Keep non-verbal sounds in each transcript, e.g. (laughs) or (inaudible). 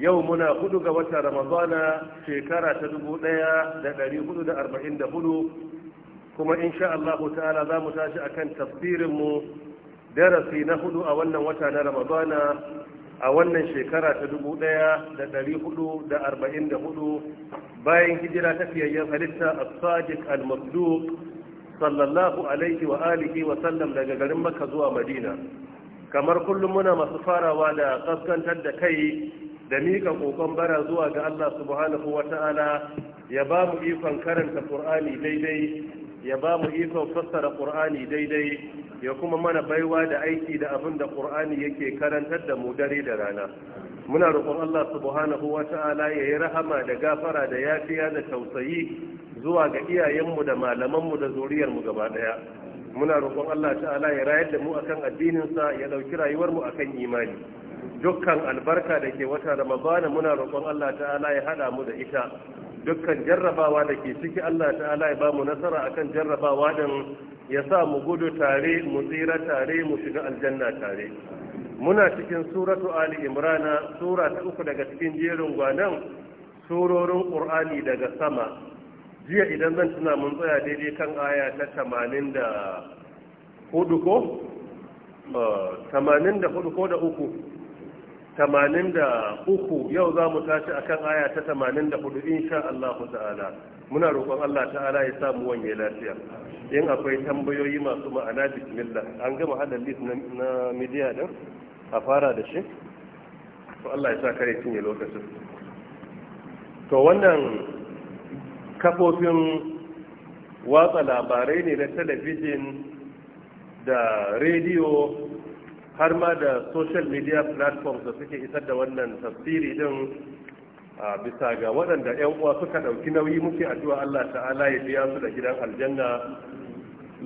yau muna hudu ga wata ramadana shekara ta dubu daya da dari hudu da arba'in da hudu kuma insha Allah ta'ala za mu tashi akan mu darasi na hudu a wannan wata na ramadana a wannan shekara ta dubu daya da dari hudu da arba'in da hudu bayan hijira ta fiyayyen halitta a sadiq al mabdu sallallahu alaihi wa alihi wa sallam daga garin maka zuwa madina kamar kullum muna masu farawa da kaskantar da kai da miƙa ƙoƙon bara zuwa ga Allah subhanahu wa ta'ala ya ba mu ikon karanta ƙur'ani daidai ya ba mu ikon fassara ƙur'ani daidai ya kuma mana baiwa da aiki da abin da ƙur'ani yake karantar da mu dare da rana muna roƙon Allah subhanahu wa ta'ala ya yi rahama da gafara da yafiya da tausayi zuwa ga iyayenmu da malamanmu da zuriyarmu gaba ɗaya muna roƙon Allah ta'ala ya rayar da mu akan addininsa ya ɗauki rayuwarmu akan imani dukkan albarka da ke wata ramadana muna roƙon Allah ta'ala ya hada mu da ita dukkan jarrabawa da ke ciki Allah ta'ala ya ba mu nasara akan jarrabawa din ya sa mu gudu tare mu tsira tare mu shiga aljanna tare muna cikin suratu ali imrana sura ta uku daga cikin jerin gwanan surorin qur'ani daga sama jiya idan zan tuna mun tsaya daidai kan aya ta 84 ko 84 eh, ko da uku Tamanin da uku yau za mu tashi kan aya ta 84 insha Allah ta'ala muna roƙon Allah ta'ala ya samu wanye lafiya in akwai tambayoyi masu ma'ana bismillah an gama hadal list na media din a fara da shi to Allah ya sa kare cinye lokacin to wannan kafofin watsa labarai ne na talabijin da rediyo har ma da social media platforms da suke isar da wannan tafsiri din bisa ga waɗanda 'yan uwa suka ɗauki nauyi muke addu'a Allah ta'ala ya biya su da gidan aljanna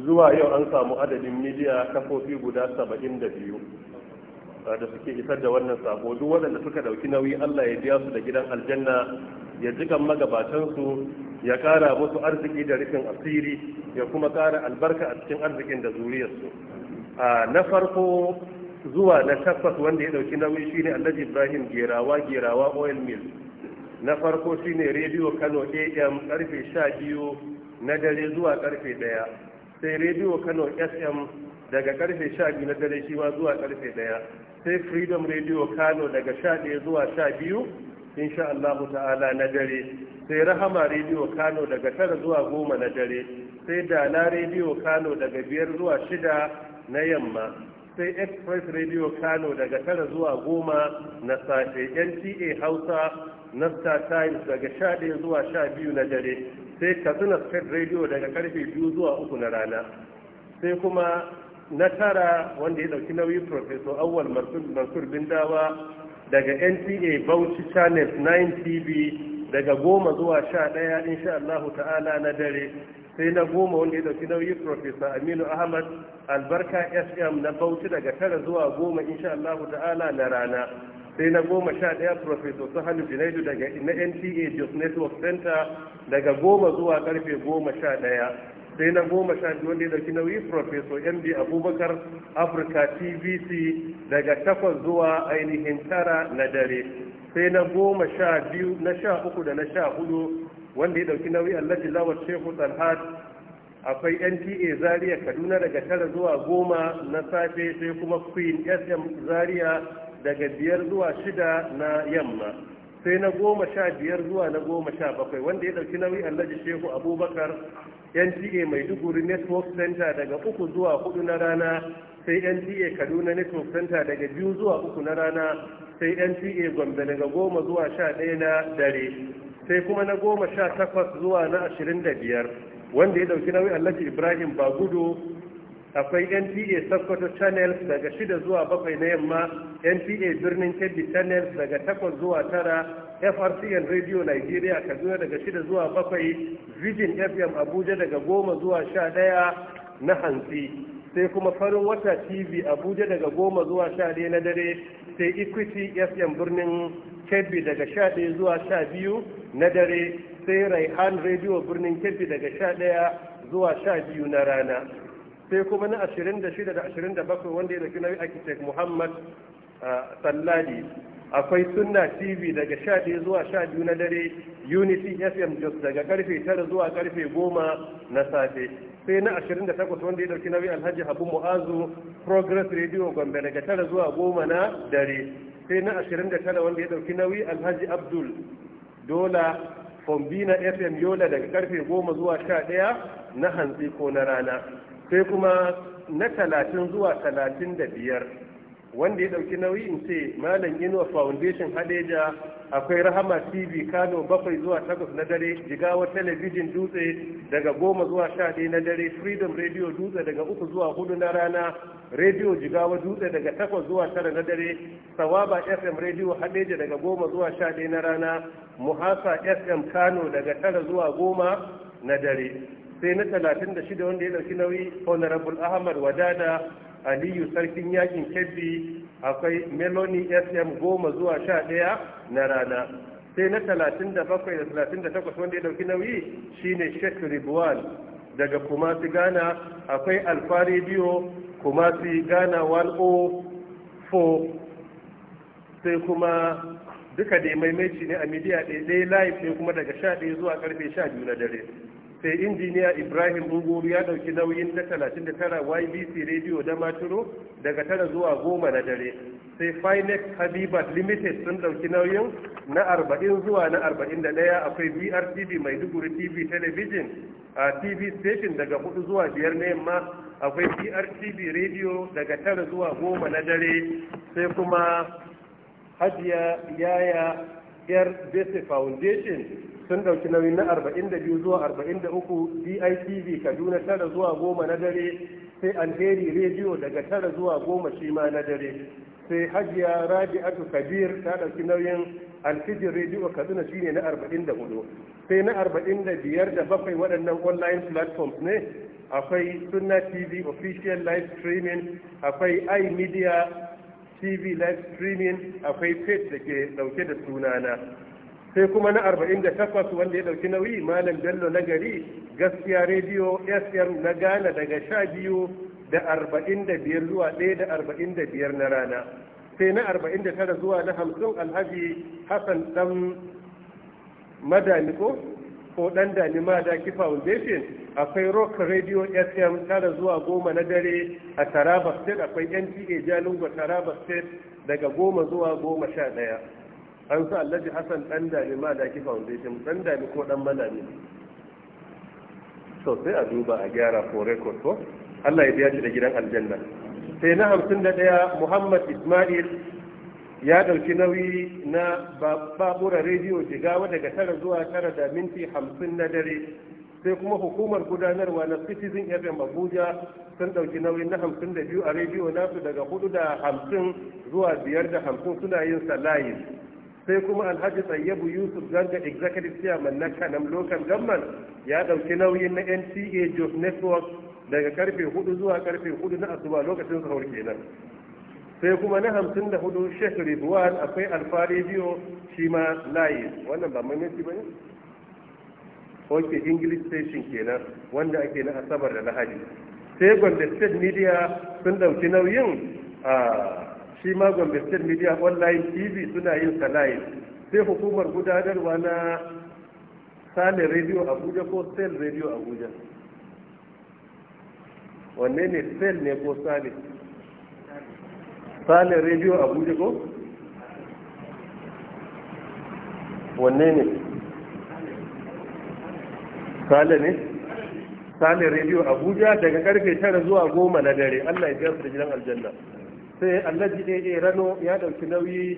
zuwa yau an samu adadin midiya kafofi guda saba'in da biyu suke isar da wannan sako duk waɗanda suka ɗauki nauyi Allah ya biya su da gidan aljanna ya jikan su, ya ƙara musu arziki da rufin asiri ya kuma ƙara albarka a cikin arzikin da zuriyarsu na farko zuwa na takwas wanda ya dauki nauyi shine Allah Ibrahim Gerawa Gerawa Oil Mill na farko shine Radio Kano AM karfe 12 na dare zuwa karfe 1 sai Radio Kano FM daga karfe 12 na dare shi ma zuwa karfe 1 sai Freedom Radio Kano daga 11 zuwa 12 insha Allah ta'ala na dare sai Rahama Radio Kano daga 9 zuwa 10 na dare sai Dana Radio Kano daga 5 zuwa 6 na yamma sai express radio kano daga tara zuwa goma na safe nta hausa star times daga sha ɗaya zuwa sha biyu na dare sai katsina state radio daga karfe biyu zuwa uku na rana sai kuma na tara wanda ya ɗauki nauyi professor awwal mansur bindawa daga nta bauchi channels 9 tv daga goma zuwa sha ɗaya insha allahu ta'ala na dare sai na goma wanda ya dauki nauyi Profesa Aminu Ahmad albarka FM na Bauchi daga tara zuwa goma insha Allah ta'ala na rana sai na goma sha ɗaya Profesa Sahalu Junaidu daga na NTA Jos Network Center daga goma zuwa karfe goma sha ɗaya sai na goma sha biyu wanda ya dauki nauyi Profesa MD Abubakar Africa TVC daga takwas zuwa ainihin tara na dare sai na goma sha biyu na sha uku da na sha hudu wanda ya dauki nauyi allaji lawar shehu talhat akwai nta zaria kaduna daga tara zuwa goma na safe sai kuma queen sm zaria daga biyar zuwa shida na yamma sai na goma sha biyar zuwa na goma sha bakwai wanda ya dauki nauyi allaji shehu abubakar nta maiduguri network center daga uku zuwa hudu na rana sai nta kaduna network center daga biyu zuwa uku na rana sai nta gombe daga goma zuwa sha ɗaya na dare sai kuma na goma sha takwas zuwa na ashirin da biyar wanda ya dauki nauyin alhaji ibrahim bagudu akwai npa sokoto channels daga shida zuwa bakwai na yamma npa birnin kebbi channels daga takwas zuwa tara frcn radio nigeria kaduna daga shida zuwa bakwai Vijin fm abuja daga goma zuwa sha daya na hantsi sai kuma farin wata tv abuja daga goma zuwa sha ɗaya na dare sai equity fm birnin kebbi daga sha ɗaya zuwa sha biyu na dare sai raihan radio birnin kebbi daga sha ɗaya zuwa sha biyu na rana sai kuma na ashirin da shida da ashirin da bakwai wanda ya dauki nauyi akitek muhammad ah, salladi akwai sunna tv daga 11 zuwa 12 na dare unity fm jos daga karfe 9 zuwa karfe 10 na safe sai na 28 wanda ya dauki nauyi alhaji habu mu'azu progress radio gombe daga 9 zuwa 10 na dare sai na 29 wanda ya dauki nauyi alhaji abdul dola fombina fm yola daga karfe 10 zuwa 11 na hantsi ko na rana sai kuma na 30 zuwa 35 wanda ya dauki nauyi in ce malam inuwa foundation hadeja akwai rahama tv kano bakwai zuwa takwas na dare jigawar Television dutse daga goma zuwa sha ɗaya na dare freedom radio dutse daga uku zuwa hudu na rana radio jigawa dutse daga takwas zuwa tara na dare sawaba fm radio hadeja daga goma zuwa sha ɗaya na rana muhasa fm kano daga tara zuwa goma na dare sai na talatin da shida wanda ya dauki nauyi honorable ahmad wadada aliyu sarkin yakin kebbi akwai meloni sm goma zuwa sha ɗaya na rana sai na talatin da bakwai da talatin da takwas wanda ya ɗauki nauyi shine sheikh ribuwan daga kumasi ghana akwai alfa biyu kumasi ghana 104 sai kuma duka da maimaici ne a midiya ɗaya live sai kuma daga sha ɗaya zuwa karfe sha biyu na dare sai injiniya ibrahim unguru ya dauki nauyin na 39 ybc radio da maturo daga tara zuwa goma na dare sai finex habibat limited sun dauki nauyin na 40 zuwa na 41 akwai brtv maiduguri tv television a tv station daga 4 zuwa 5 na yamma akwai brtv radio daga tara zuwa goma na dare sai kuma hajiya yaya air basic foundation sun ɗauki nauyin na 42 zuwa 43 DITV Kaduna tara zuwa goma na dare sai Alheri Radio daga tara zuwa goma shi ma na dare sai Hajiya Rabi'atu Kabir ta ɗauki nauyin Alfijir Radio Kaduna shi ne na 44 sai na 45 da bakwai waɗannan online platforms ne akwai Sunna TV official live streaming akwai iMedia TV live streaming akwai page da ke ɗauke da sunana. sai kuma na 48 wanda ya dauki nauyi malam bello na gari gaskiya rediyo sm na ghana daga sha biyu da arba'in da biyar zuwa 1 da arba'in da biyar na rana sai na arba'in da tara zuwa na hamsin alhaji hassan dan madaniko ko dan dani madaki foundation akwai rock radio sm tara zuwa goma na dare a taraba state akwai nta jalingo taraba state daga goma zuwa goma sha ɗaya an sa alhaji hassan dan dami ma da ki foundation dan dami ko dan malami so sai a duba a gyara for record ko Allah ya biya shi da gidan aljanna sai na hamsin da ɗaya muhammad ismail ya ɗauki nauyi na babura rediyo jigawa daga tara zuwa tara da minti hamsin na dare sai kuma hukumar gudanarwa na citizen fm abuja sun ɗauki nauyin na hamsin da biyu a rediyo nasu daga hudu da hamsin zuwa biyar da hamsin suna yin salayin sai kuma alhaji tsayyabu yusuf ganga executive chairman na kanam local government ya dauki nauyin na nta jos network daga karfe 4 zuwa karfe 4 na asuba lokacin sahur kenan sai kuma na hamsin da hudu sheikh ridwan akwai alfari biyo, shi ma layi wannan ba mamanci ba ne ok english station kenan wanda ake na asabar da lahadi sai gwanda state media sun dauki nauyin a ah, shi ma gwamnatin state media online tv suna yin salayin sai hukumar gudanarwa na sale radio abuja ko SEL radio abuja wanne ne SEL ne ko sale sale radio abuja ko wanne ne sale ne sale radio abuja daga karfe 9 zuwa 10 na dare allah ya biya su da gidan aljanna sai alhaji AA Rano ya ɗauki nauyi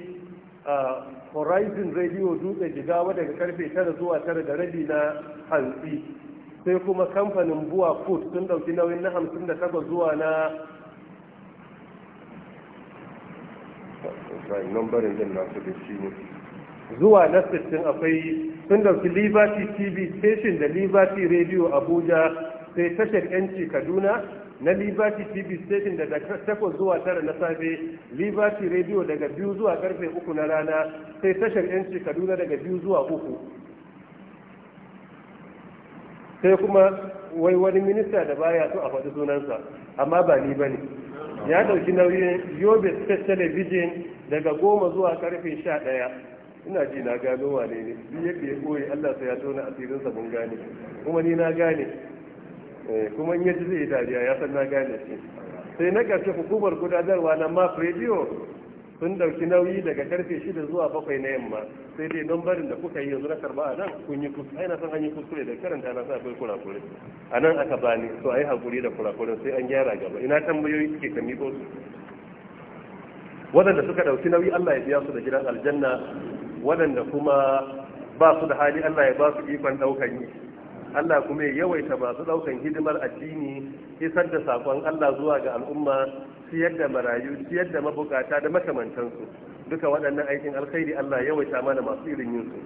a Horizon Radio Dutse Jigawa daga karfe tara zuwa tara da rabi na hantsi sai kuma kamfanin Buwa Food sun ɗauki nauyin na hamsin da zuwa na zuwa na sittin akwai sun ɗauki Liberty TV Station da Liberty Radio Abuja sai tashar 'yanci Kaduna na liberty tv station daga takwas zuwa tara na safe liberty radio daga biyu zuwa karfe uku na rana sai tashar yanci kaduna daga biyu zuwa uku sai kuma wai wani minista da baya so a faɗi sunansa amma ba ni bane ya ɗauki nauyin yobe state television daga goma zuwa karfe sha ɗaya ina ji na gano wane ne duk biye ya koyi allah sai ya tona asirinsa mun gane kuma ni na gane Eh, kuma in yaji zai yi dariya ya san na gane shi sai na ƙarshe hukumar gudanarwa na ma radio sun ɗauki nauyi daga karfe shida zuwa bakwai na yamma sai dai don barin da kuka yi yanzu na karba a nan kun yi kuskure ai na san an yi kuskure da karanta na sa akwai kurakure a nan aka bani to ai hakuri da kurakuren sai an gyara gaba ina tambayoyi suke ka miko su wadanda suka ɗauki nauyi Allah ya biya su da gidan aljanna wadanda kuma ba su da hali Allah ya ba su ikon ɗaukan yi Allah kuma ya yawaita masu daukan hidimar addini isar da sakon Allah zuwa ga al'umma siyar da marayu siyar da mabukata da makamantansu duka waɗannan aikin alkhairi Allah ya yawaita mana masu irin yin su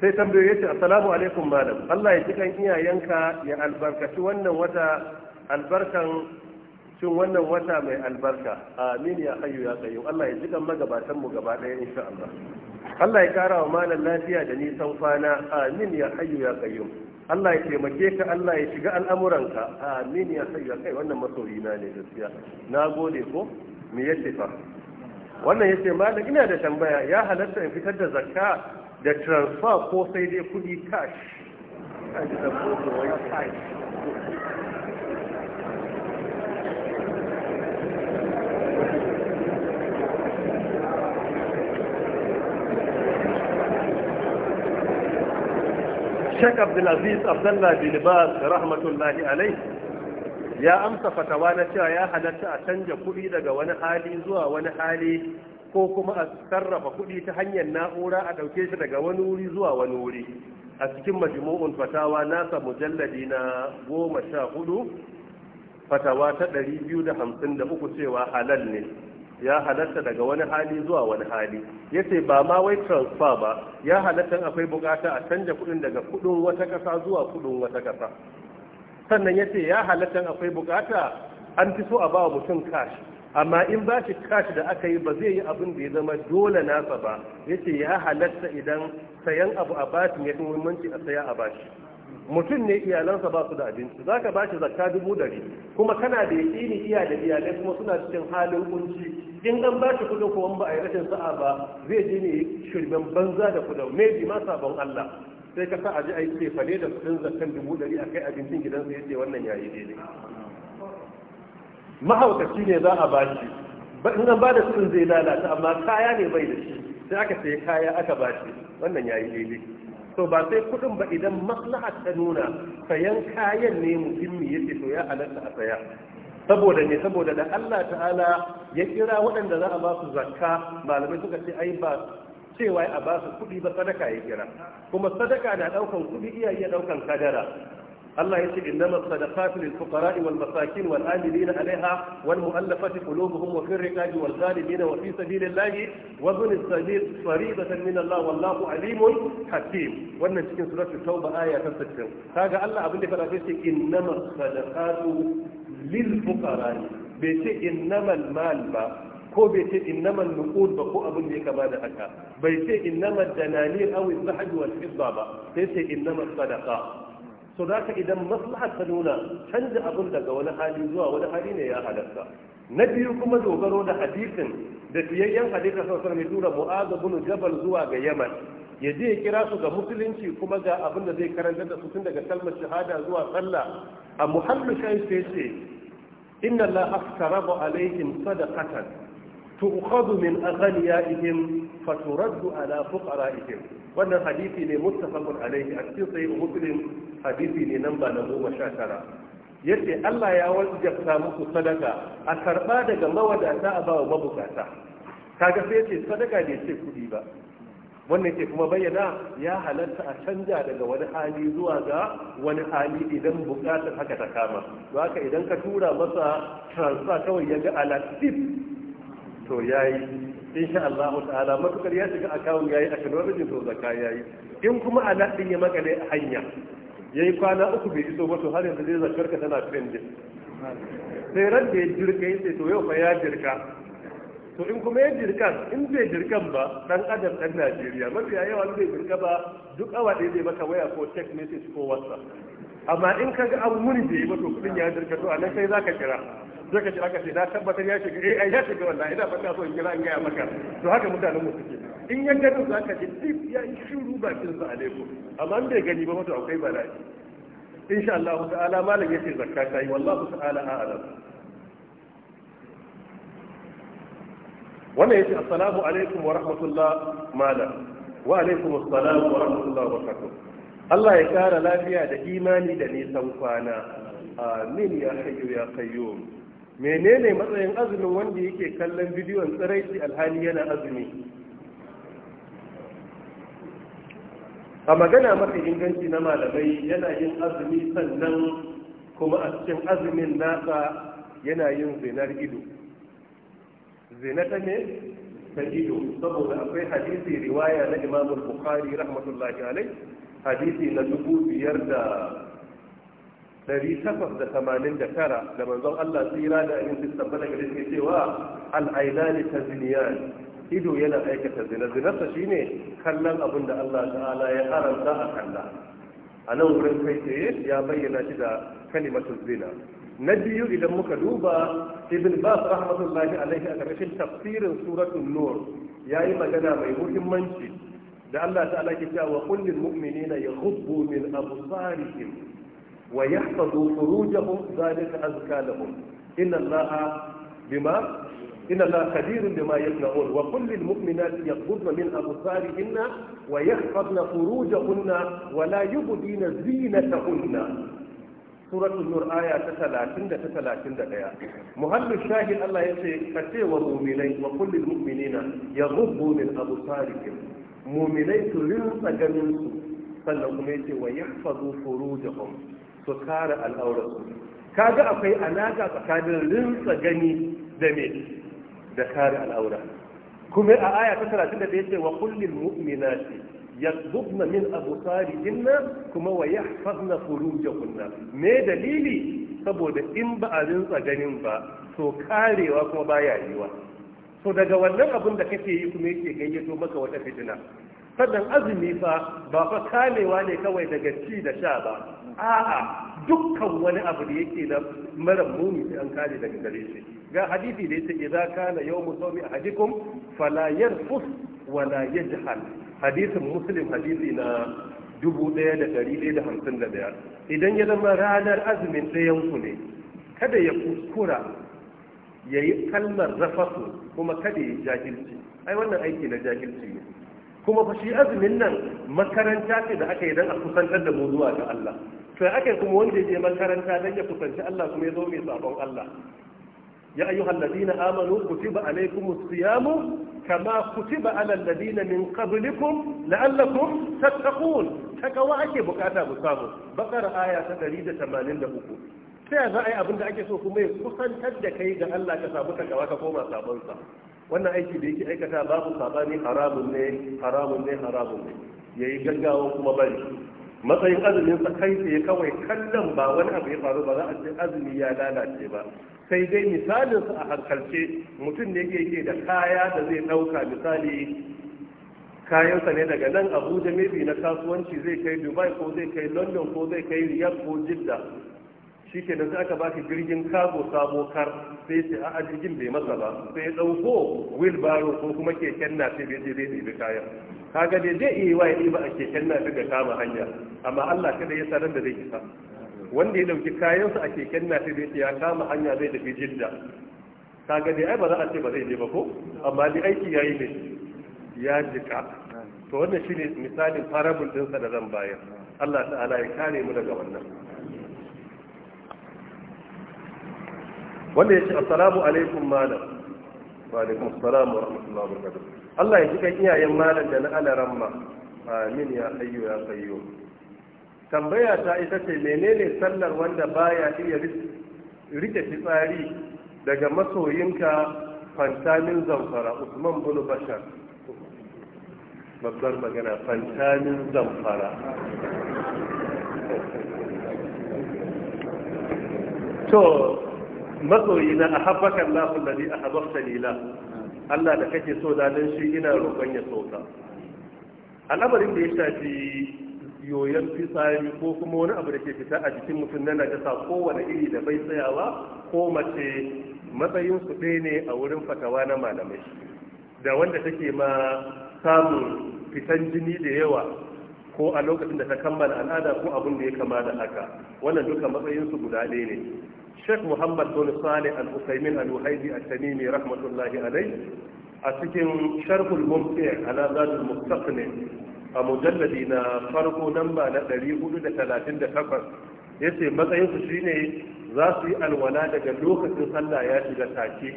sai tambayoyi ce, assalamu alaikum malam Allah ya cikan iyayenka ya albarkaci wannan wata albarkan Cin wannan wata mai albarka amin ya hayu ya kayu Allah ya jikan magabatan mu gaba ɗaya insha Allah Allah ya kara wa malam lafiya da nisan kwana amin ya hayu ya kayu Allah ya taimake ka Allah ya shiga al'amuranka amin ya hayu ya qayyum wannan na ne gaskiya na gode ko me yace fa wannan yace malam ina da tambaya ya halatta in fitar da zakka da transfer ko sai dai kuɗi cash kaji da wai cash Sheikh Abdulaziz Abdullah bin Baz rahmatullahi alai ya amsa fatawa na cewa ya halatta a canja kuɗi daga wani hali zuwa wani hali ko kuma a sarrafa kuɗi ta hanyar na'ura a ɗauke shi daga wani wuri zuwa wani wuri a cikin majmu'un fatawa nasa mujalladi na goma sha hudu fatawa ta ɗari biyu da hamsin da uku cewa halal ne ya halatta daga wani hali zuwa wani hali yace ba ma wai transfer ba ya halatta akwai bukata a canja kudin daga kudin wata kasa zuwa kudin wata kasa sannan ya ce ya halatta akwai bukata an fi so a ba mutum cash amma in ba shi cash da aka yi ba zai yi abin da ya zama dole nasa ba yace ya halatta idan sayan abu a bashi ya fi muhimmanci a saya a bashi mutum ne iyalansa ba su da abinci za ka ba shi zakka dubu dari? kuma kana da ni iya da iyalai kuma suna cikin halin kunci in an ba shi kuɗin kuma ba a yi rashin sa'a ba zai je ne shirmen banza da kuɗin bi ma sabon Allah sai ka sa a ji aiki fare da kuɗin zakkan dubu dari a kai abincin gidansa ya ce wannan yayi daidai mahaukaci ne za a ba shi in an ba da kudin zai lalata amma kaya ne bai da shi sai aka sai kaya aka ba shi wannan yayi daidai to ba sai kudin ba idan maslaha ta nuna sayan kayan ne muhimmi yake to ya halatta a saya saboda ne saboda da Allah ta'ala ya kira waɗanda za a ba su zakka malamai suka ce ai ba cewa a ba su kuɗi ba sadaka ya kira kuma sadaka na ɗaukan kuɗi iya iya ɗaukan kadara Allah ya ce innama sadaqatu lil fuqara wal masakin wal amilina alaiha wal mu'allafati qulubuhum wa fir riqabi wal ghalibina wa fi sabilillahi wa bin sabil fariidatan min Allah wallahu alimun hakim wannan cikin suratul tauba aya ta 60 kaga Allah abin da fara sai innama sadaqatu lil fuqara bai ce innamal mal ba ko bai ce innamal nuqud ba ko abin da ya kama da haka bai ce innamal dananir aw az-zahab wal fidda ba sai ce innamas sadaqa to za ka idan maslahar ta nuna canza abin daga wani hali zuwa wani hali ne ya halatta na biyu kuma dogaro da hadisin da fiyayyen hadisin sau sarmi tura mu'aza bin jabal zuwa ga yaman ya je kira su ga musulunci kuma ga abin da zai karanta da su tun daga kalmar shahada zuwa sallah a muhallu shan sai ce inna allaha aftara alaihim sadaqatan tu'khadhu min aghniya'ihim fa turaddu ala fuqara'ihim wannan hadisi ne muttafaqun alayhi a cikin sahih muslim ne namba na 19 yace Allah ya wajabta muku sadaka a karba daga mawadata a bawa mabukata kaga sai yace sadaka ne ce kudi ba wannan ke kuma bayyana ya halatta a canja daga wani hali zuwa ga wani hali idan bukatar haka ta kama don haka idan ka tura masa transfer kawai ya ga alatif to yayi insha Allah ta'ala matukar ya shiga akawun yayi acknowledge to zakka yayi in kuma ala din ya makale a hanya yayi kwana uku bai iso ba to har yanzu zai zakkar ka tana pending sai ran da ya jirka sai to yau fa ya jirka to in kuma ya jirka in bai jirkan ba dan adam dan Najeriya mafiya yawa bai jirka ba duk awa ɗaya zai maka waya ko text message ko whatsapp amma in kaga an muni bai ba to kudin ya jirka to a nan sai zaka kira sai ka kira ka ce na tabbatar ya shiga eh ai ya shiga wallahi ina fata so in kira in gaya maka to haka mutanen mu suke in ya gani za ka ji dip ya yi shiru bakin sa alaikum amma in bai gani ba mutu akwai bala'i insha Allah ta'ala malam yace zakka ta yi wallahu ta'ala a'lam wannan yace assalamu alaikum wa rahmatullah malam wa alaikum assalam wa rahmatullah wa barakatuh Allah ya kara lafiya da imani da nisan kwana amin ya hayyu ya qayyum menene matsayin azumin wanda yake kallon bidiyon tsiraici alhali yana azumi a magana mafi inganci na malamai yana yin azumi sannan kuma a cikin azumin nasa yana yin zinar ido zina ta ne ta ido saboda akwai hadisi riwaya na imamul bukhari rahmatullahi alai hadisi na dubu biyar da 889 da manzon Allah tsira da abin tabbata gari shi cewa al ta tazniyan ido yana aikata zina zinarsa shine kallon abin da Allah ta'ala ya haramta a kalla a nan wurin kai tsaye ya bayyana shi da kalimatu zina na biyu idan muka duba ibn bas rahmatullahi alaihi a ƙarshen tafsirin suratun nur yayi magana mai muhimmanci da Allah ta'ala ke cewa kullil mu'minina yaghuddu min absarihim ويحفظوا فروجهم ذلك أزكى لهم إن الله بما إن الله خبير بما يصنعون وقل للمؤمنات يقبضن من أبصارهن ويحفظن فروجهن ولا يبدين زينتهن سورة النور آية 30 31 مهل الشاهد الله يقول فتي ومؤمنين وقل للمؤمنين يغضوا من أبصارهم مؤمنين تلنس جننس فلهم ويحفظوا فروجهم su kare al'aurarsu kaga akwai alaka tsakanin rinsa gani da me da kare al'aura kuma a aya ta ya ce wa kullil mu'minati yasdubna min absarihinna kuma wa yahfazna furujahunna me dalili saboda in ba a rinsa ganin ba to karewa kuma baya yiwa so daga wannan abin da kake yi kuma yake gayyato maka wata fitina sannan azumi fa ba fa kalewa ne kawai daga ci da sha ba a'a dukkan wani abu da yake da mara muni sai an kare daga gare shi ga hadisi da yace idza kana yawmu sawmi ahadikum fala yarfus wala yajhal hadisin muslim hadisi na 1151 idan ya zama ranar azumin ɗayanku ne kada ya kuskura ya yi kalmar rafasu kuma kada ya jahilci ai wannan aiki na jahilci ne kuma fa shi azumin nan makaranta ce da aka yi don a kusantar da mu zuwa ga Allah to ya aka kuma wanda je makaranta don ya kusanci Allah kuma ya zo mai sabon Allah ya ayyuhal ladina amanu kutiba alaykumus siyamu kama kutiba alal ladina min qablikum la'allakum tattaqun takawa ake bukata mu samu bakara aya ta 183 sai za a yi abin da ake so kuma ya kusantar da kai ga Allah ka samu takawa ka koma sabon sa wannan aiki da yake aikata babu sabani haramun ne haramun ne haramun ne yayi gaggawa kuma bari matsayin azumin sa kai tsaye kawai kallon ba wani abu ya faru ba za a ce azumi ya lalace ba sai dai misalin sa a hankalce mutum ne yake da kaya da zai dauka misali kayansa ne daga nan abuja maybe na kasuwanci zai kai dubai ko zai kai london ko zai kai riyadh ko jidda shi ke sai aka shi jirgin kago sabo kar sai ce a jirgin bai masa ba sai ya ɗauko wilbaro ko kuma keken na sai bai je zai ɗebi kayan kaga dai zai iya yi ba a keken na ga kama hanya amma Allah kada ya sanar da zai isa wanda ya ɗauki kayansa a keken na sai bai ya kama hanya zai tafi jidda kaga dai ai ba za a ce ba zai je ba ko amma dai aiki yayi ne ya jika to wannan shine misalin parable sa da zan bayar Allah ta'ala ya kare mu daga wannan wanda ya ce assalamu alaikum malam wa alaikum assalamu wa rahmatullahi wa barakatuh Allah ya ji kan iyayen malam da na ramma. amin ya ayyu ya sayyu tambaya ta ita ce menene sallar wanda baya iya rike fitsari daga masoyinka fantamin zamfara usman bin bashar babbar magana fantamin zamfara (laughs) to matsoyina a habbaka Allah a haɓar lila Allah da kake so da shi ina roƙon ya sauka. al'amarin da ya shafi yoyon fitsari ko kuma wani abu da ke fita a jikin mutum na najasa kowane iri da bai tsayawa ko mace matsayin su ɗaya ne a wurin fatawa na malamai da wanda take ma samun fitan jini da yawa ko a lokacin da ta kammala al'ada ko abin da ya kama da haka wannan duka matsayin su guda ɗaya ne Sheikh Muhammad bin Salih Al-Usaimin Al-Wahidi Al-Tamimi rahmatullahi alai a cikin Sharhul Mumti' ala al Mustaqni a mujalladi na farko namba na 438 yace matsayin su shine za su yi alwala daga lokacin sallah ya shiga take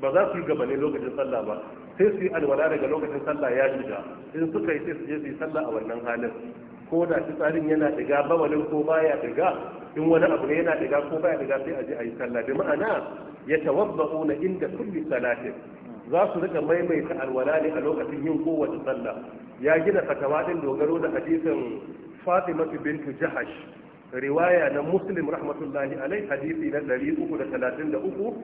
ba za su yi gabanin lokacin sallah ba sai su yi alwala daga lokacin sallah ya shiga in suka yi sai su je su yi sallah a wannan halin ko da fitsarin yana diga bawalin ko baya diga in wani abu ne yana diga ko baya diga sai a je a yi sallah bi ma'ana ya tawabba'una inda kulli salatin za su rika maimaita alwala ne a lokacin yin kowace sallah ya gina fatawa din dogaro da hadisin Fatima bintu Jahash riwaya na Muslim rahmatullahi alai hadisi na 333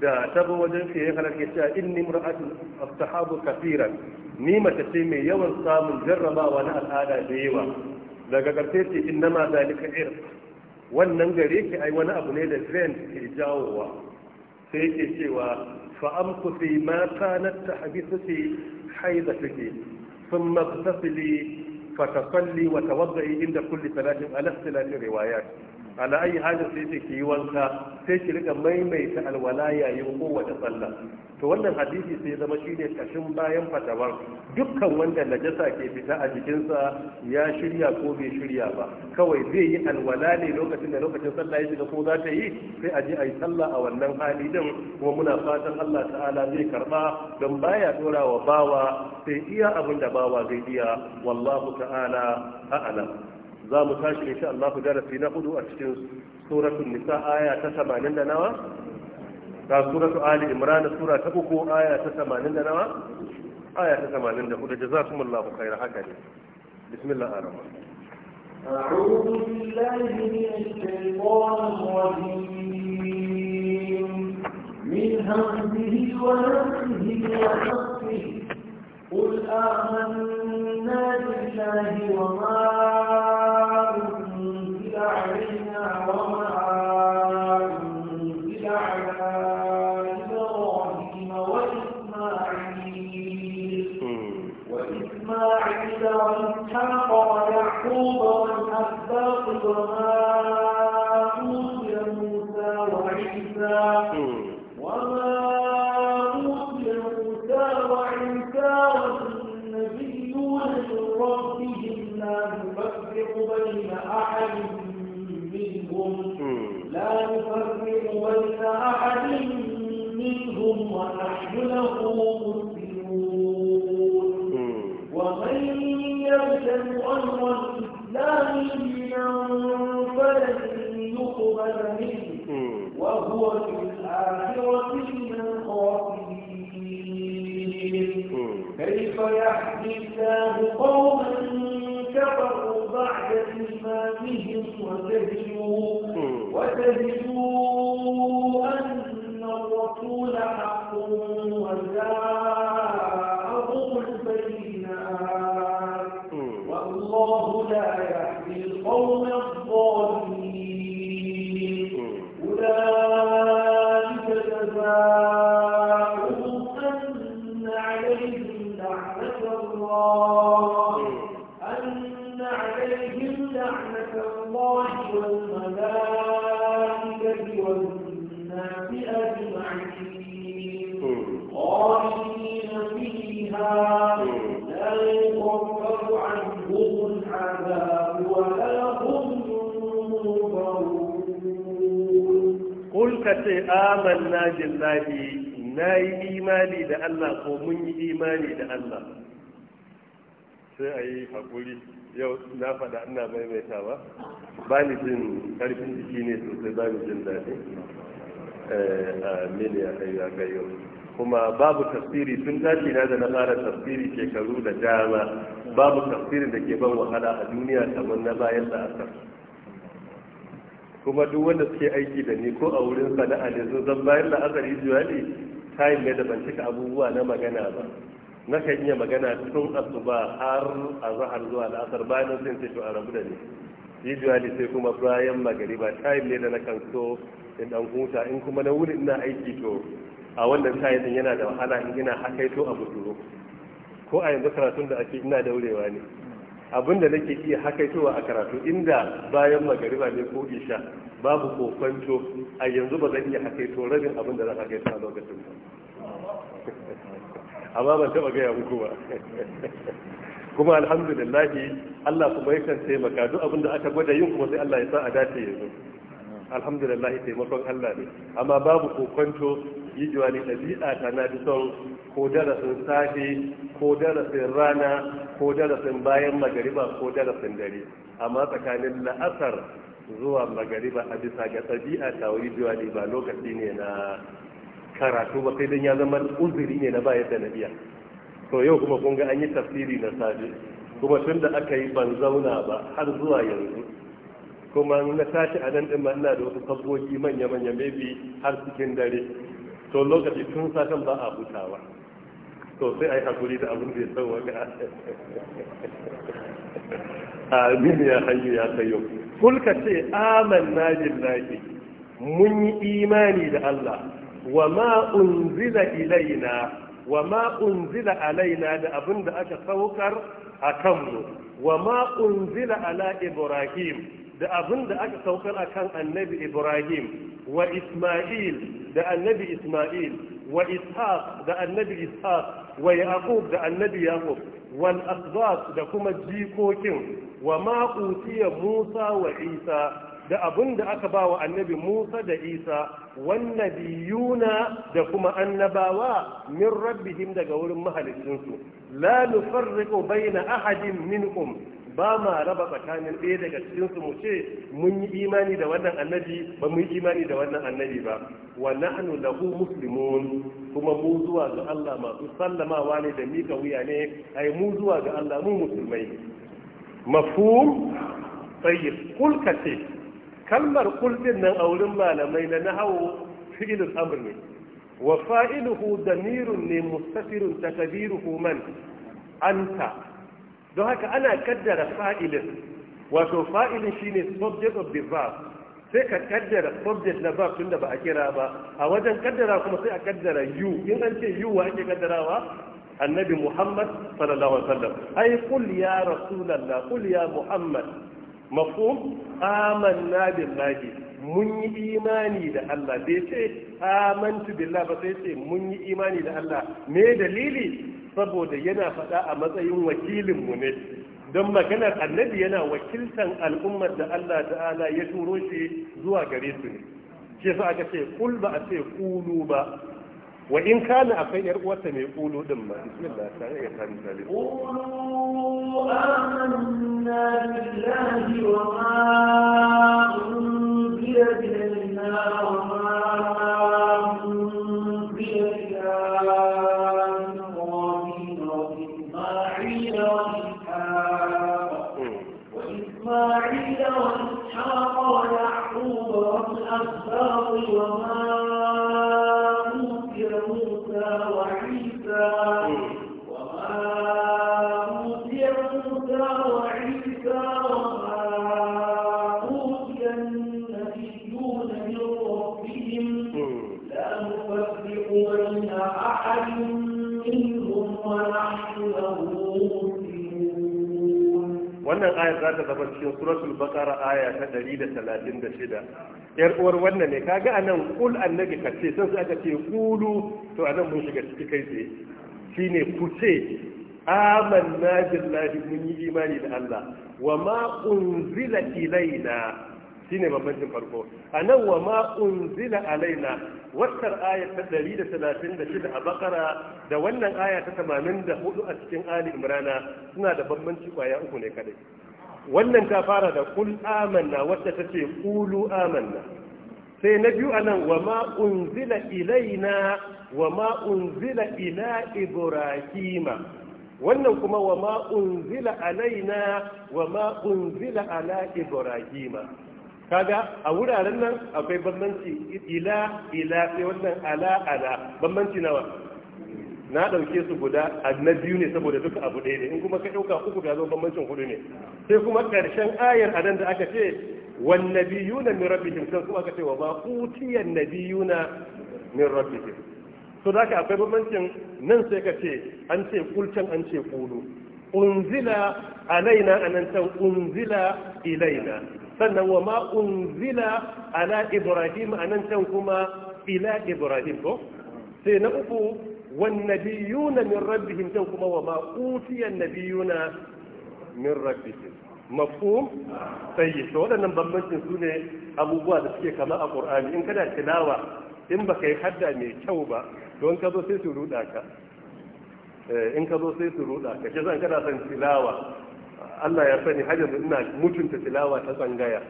da tabo wajen fiye halar ya cewa inni mur'atun as kafiran ni mace ce mai yawan samun jarrabawa na al'ada da yawa daga karshe ce inna ma zalika ir wannan gare ki ai wani abu ne da trend ke jawowa sai ke cewa fa amku fi ma kanat tahbisu fi haidatuki thumma igtasili fatasali wa tawaddi inda kulli salatin ala salati riwayat ala ayi hajjar sai ce ki yi wanka sai ki rika maimaita alwala yayin kowace sallah to wannan hadisi sai zama shine kashin bayan fatawar dukkan wanda najasa ke fita a jikinsa ya shirya ko bai shirya ba kawai zai yi alwala ne lokacin da lokacin sallah ya shiga ko za ta yi sai a je a yi sallah a wannan hali din kuma muna fatan Allah ta'ala zai karba don baya dora wa bawa sai iya abin da bawa zai iya wallahu ta'ala a'lam za mu tashi insha Allah ku darasi na hudu a cikin suratul nisa aya ta 80 da nawa ga suratul ali imran sura ta uku aya ta 80 da nawa aya ta 84 jazakumullahu khairan haka ne bismillah ar-rahman أعوذ بالله من الشيطان الرجيم همزه ونفسه ونفسه قل آمنا بالله وما الله prejuízo amanna na yi imani da Allah ko mun yi imani da Allah sai a yi haƙuri yau na faɗa ina maimaita ba ba ni jin ƙarfin jiki ne sosai ba ni jin daɗi eh, a miliya a yau? kuma babu tafsiri sun tashi na da na fara tafsiri shekaru da dama babu tafsirin da ke ban wahala a duniya kamar na bayan da aka kuma duk wanda suke aiki da ni ko a wurin sana'a ne sun zan bayan la'asar usually ta ne da ban cika abubuwa na magana ba na kan iya magana tun asuba har azhar zuwa la'asar bayan sun ce a rabu da ni usually sai kuma bayan ba time ne da na kan so in dan huta in kuma na wuri ina aiki to a wannan time din yana da wahala in ina to a duro ko a yanzu karatun da ake ina daurewa ne da nake iya hakaitowa a karatu inda bayan magariba ne ko isha babu kofanto a yanzu ba zan iya hakaito rabin abin da za a hakaito a lokacin ba (laughs) amma ban taba gaya muku ba (laughs) kuma alhamdulillahi, Allah kuma yakan taimaka duk abin da aka gwada yin kuma sai Allah ya sa a dace yanzu alhamdulillah taimakon Allah ne amma babu kokonto yi jiwa ne ɗabi'a ta na fi son ko darasin safe ko darasin rana ko darasin bayan magariba ko darasin dare amma tsakanin la'asar zuwa magariba a bisa ga ɗabi'a ta wuri jiwa ba lokaci ne na karatu ba sai dan ya zama uzuri ne na bayar da biya to yau kuma kun ga an yi tafsiri na safe kuma tun da aka yi ban zauna ba har zuwa yanzu kuma na tashi a nan ma ina da wasu sabboki manya-manya maybe har cikin dare to lokaci tun satan ba a hutawa to sai a yi hakuri da abin da ya sauwa ga (laughs) amin ya hanyu ya sayo kulka ce amanna billahi mun yi imani da Allah wa ma unzila ilaina wa ma unzila alaina da abin da aka saukar a kanmu wa ma unzila ala ibrahim da abin da aka saukar akan annabi ibrahim wa isma'il da annabi isma'il wa ishaq da annabi ishaq wa yaqub da annabi yaqub wal da kuma jikokin wa ma musa wa isa da abin da aka ba wa annabi Musa da Isa wannabiyuna da kuma annabawa min rabbihim daga wurin mahalicinsu la nufarriqu baina ahadin minkum ba ma raba tsakanin ɗaya daga cikin su mu ce mun yi imani da wannan annabi ba mu yi imani da wannan annabi ba wa nahnu lahu muslimun kuma mu zuwa ga Allah masu sallamawa ne da mika wuya ne ai mu zuwa ga Allah mu musulmai mafhum tayyib kul kace kalmar kul din nan a wurin malamai na nahawu fi'ilul amr ne wa fa'iluhu damirun ne mustatirun takdiruhu man anta don haka ana kaddara fa'ilin wato fa'ilin shine subject of the verb sai ka kaddara subject na verb tunda ba a kira ba a wajen kaddara kuma sai a kaddara yu, in an ce yu wa ake kaddarawa annabi muhammad sallallahu alaihi wasallam ai qul ya rasulullah qul ya muhammad mafhum amanna billahi mun yi imani da Allah bai ce amantu billahi ba sai ce mun yi imani da Allah me dalili saboda yana faɗa a matsayin wakilinmu ne don magana, annabi yana wakiltan al'ummar da Allah ta'ala ya turo shi zuwa gare su ne ke sa aka ce kul ba a ce kulu ba wa in kana akwai yar uwarta mai kulu din ma bismillah ta ya ta misali amanna billahi wa ma unzila ilayna wa ma وإسحاق ويعقوب وذي الأسباط وما أوتي موسى وعيسى wannan ayar za ta zama cikin suratul baqara aya ta ɗari da da talatin shida. yar uwar wannan ne kaga anan kul annabi ce sun sai aka ce kulu to anan mun shiga ciki kai tsaye shine ku ce amanna billahi mun yi imani da Allah wa ma unzila ilaina shine bambancin farko anan wa ma unzila alaina wattar aya ta 136 a bakara da wannan aya ta 84 a cikin ali imrana suna da bambanci kwaya uku ne kadai wannan ta fara da kul amanna wacce ta ce kulu amanna sai na biyu anan wa ma unzila ilaina wa ma unzila ila ibrahima wannan kuma wa ma unzila alaina wa ma unzila ala ibrahima kaga a wuraren nan akwai bambanci ila ila sai wannan ala ala bambanci nawa na ɗauke su guda a na biyu ne saboda duka abu ɗaya ne in kuma ka ɗauka uku ga zo bambancin hudu ne sai kuma ƙarshen ayar a nan da aka ce wan nabiyuna min rabbihim sai kuma aka ce wa ba utiyan nabiyuna min rabbihim to da ka akwai bambancin nan sai ka ce an ce kulcan an ce kulu unzila alaina anan can unzila ilaina sannan wa ma unzila ala ibrahim nan can kuma ila ibrahim ko sai na uku wan na min rabbihim can kuma wa ma utiya na min rabbihim mafhum tayyib to waɗannan bambancin su ne abubuwa da suke kama a ƙur'ani, in kana tilawa in baka yi hadda mai kyau ba to in ka zo sai su ruɗa ka eh, in ka zo sai su ruɗa ka ke zan kana son tilawa Allah ya sani hajjar yanzu ina mutunta tilawa ta tsangaya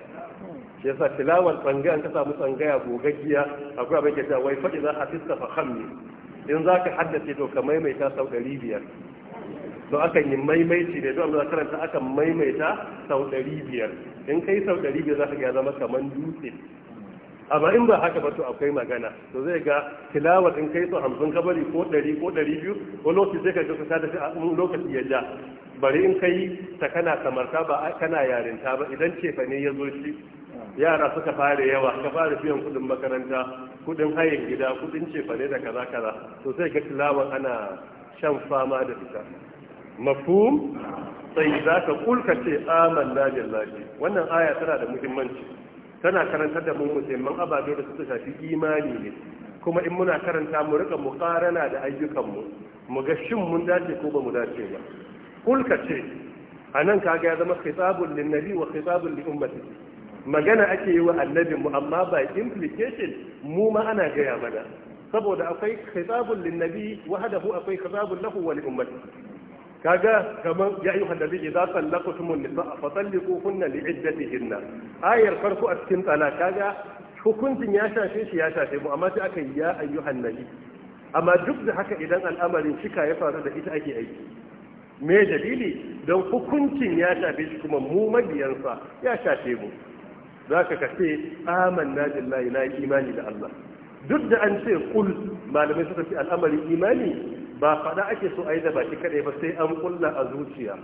shi yasa tilawar tsangaya ka samu tsangaya gogaggiya akwai abin ke cewa wai faɗi za a fiska fa hamni in za ka haddace to ka maimaita sau ɗari biyar to akan yi maimaiti ne don za karanta akan maimaita sau ɗari biyar in kai sau ɗari biyar za ka ga zama kamar dutse amma in ba haka ba to akwai magana to zai ga tilawar in kai so hamsin ka bari ko ɗari ko ɗari biyu ko lokaci sai ka ga ka tafi a lokaci ya ja bari in kai ta kana samarta ba kana yarinta ba idan cefa ne ya zo shi yara suka fara yawa ka fara biyan kudin makaranta kudin hayin gida kudin cefa ne da kaza kaza to sai ga tilawan ana shan fama da fita mafhum sai za ka kulka ce amanna billahi wannan aya tana da muhimmanci tana karantar da mu musamman ababe da suka shafi imani ne kuma in muna karanta mu rika karana da ayyukan mu mu ga shin mun dace ko ba mu dace ba kulka ce a nan kaga ya zama khitabun linnabi wa khitabun li ummati magana ake yi wa annabin mu amma by implication mu ma ana gaya mana saboda akwai khitabun linnabi wahdahu akwai khitabun lahu wa li ummati kaga kamar ya yi hadabi idza sallaqtumun nisa fa talliquhunna li iddatihinna ayar farko a cikin tsala kaga hukuncin ya shafe shi ya shafe mu amma sai aka yi ya ayyuhan nabi amma duk da haka idan al'amarin shika ya faru da ita ake aiki me dalili don hukuncin ya shafe shi kuma mu mabiyansa ya shafe mu za ka aman na billahi na imani da Allah duk da an ce kul malamai suka ce al'amarin imani ba faɗa ake so a yi da baki kaɗai ba sai an kulla a zuciya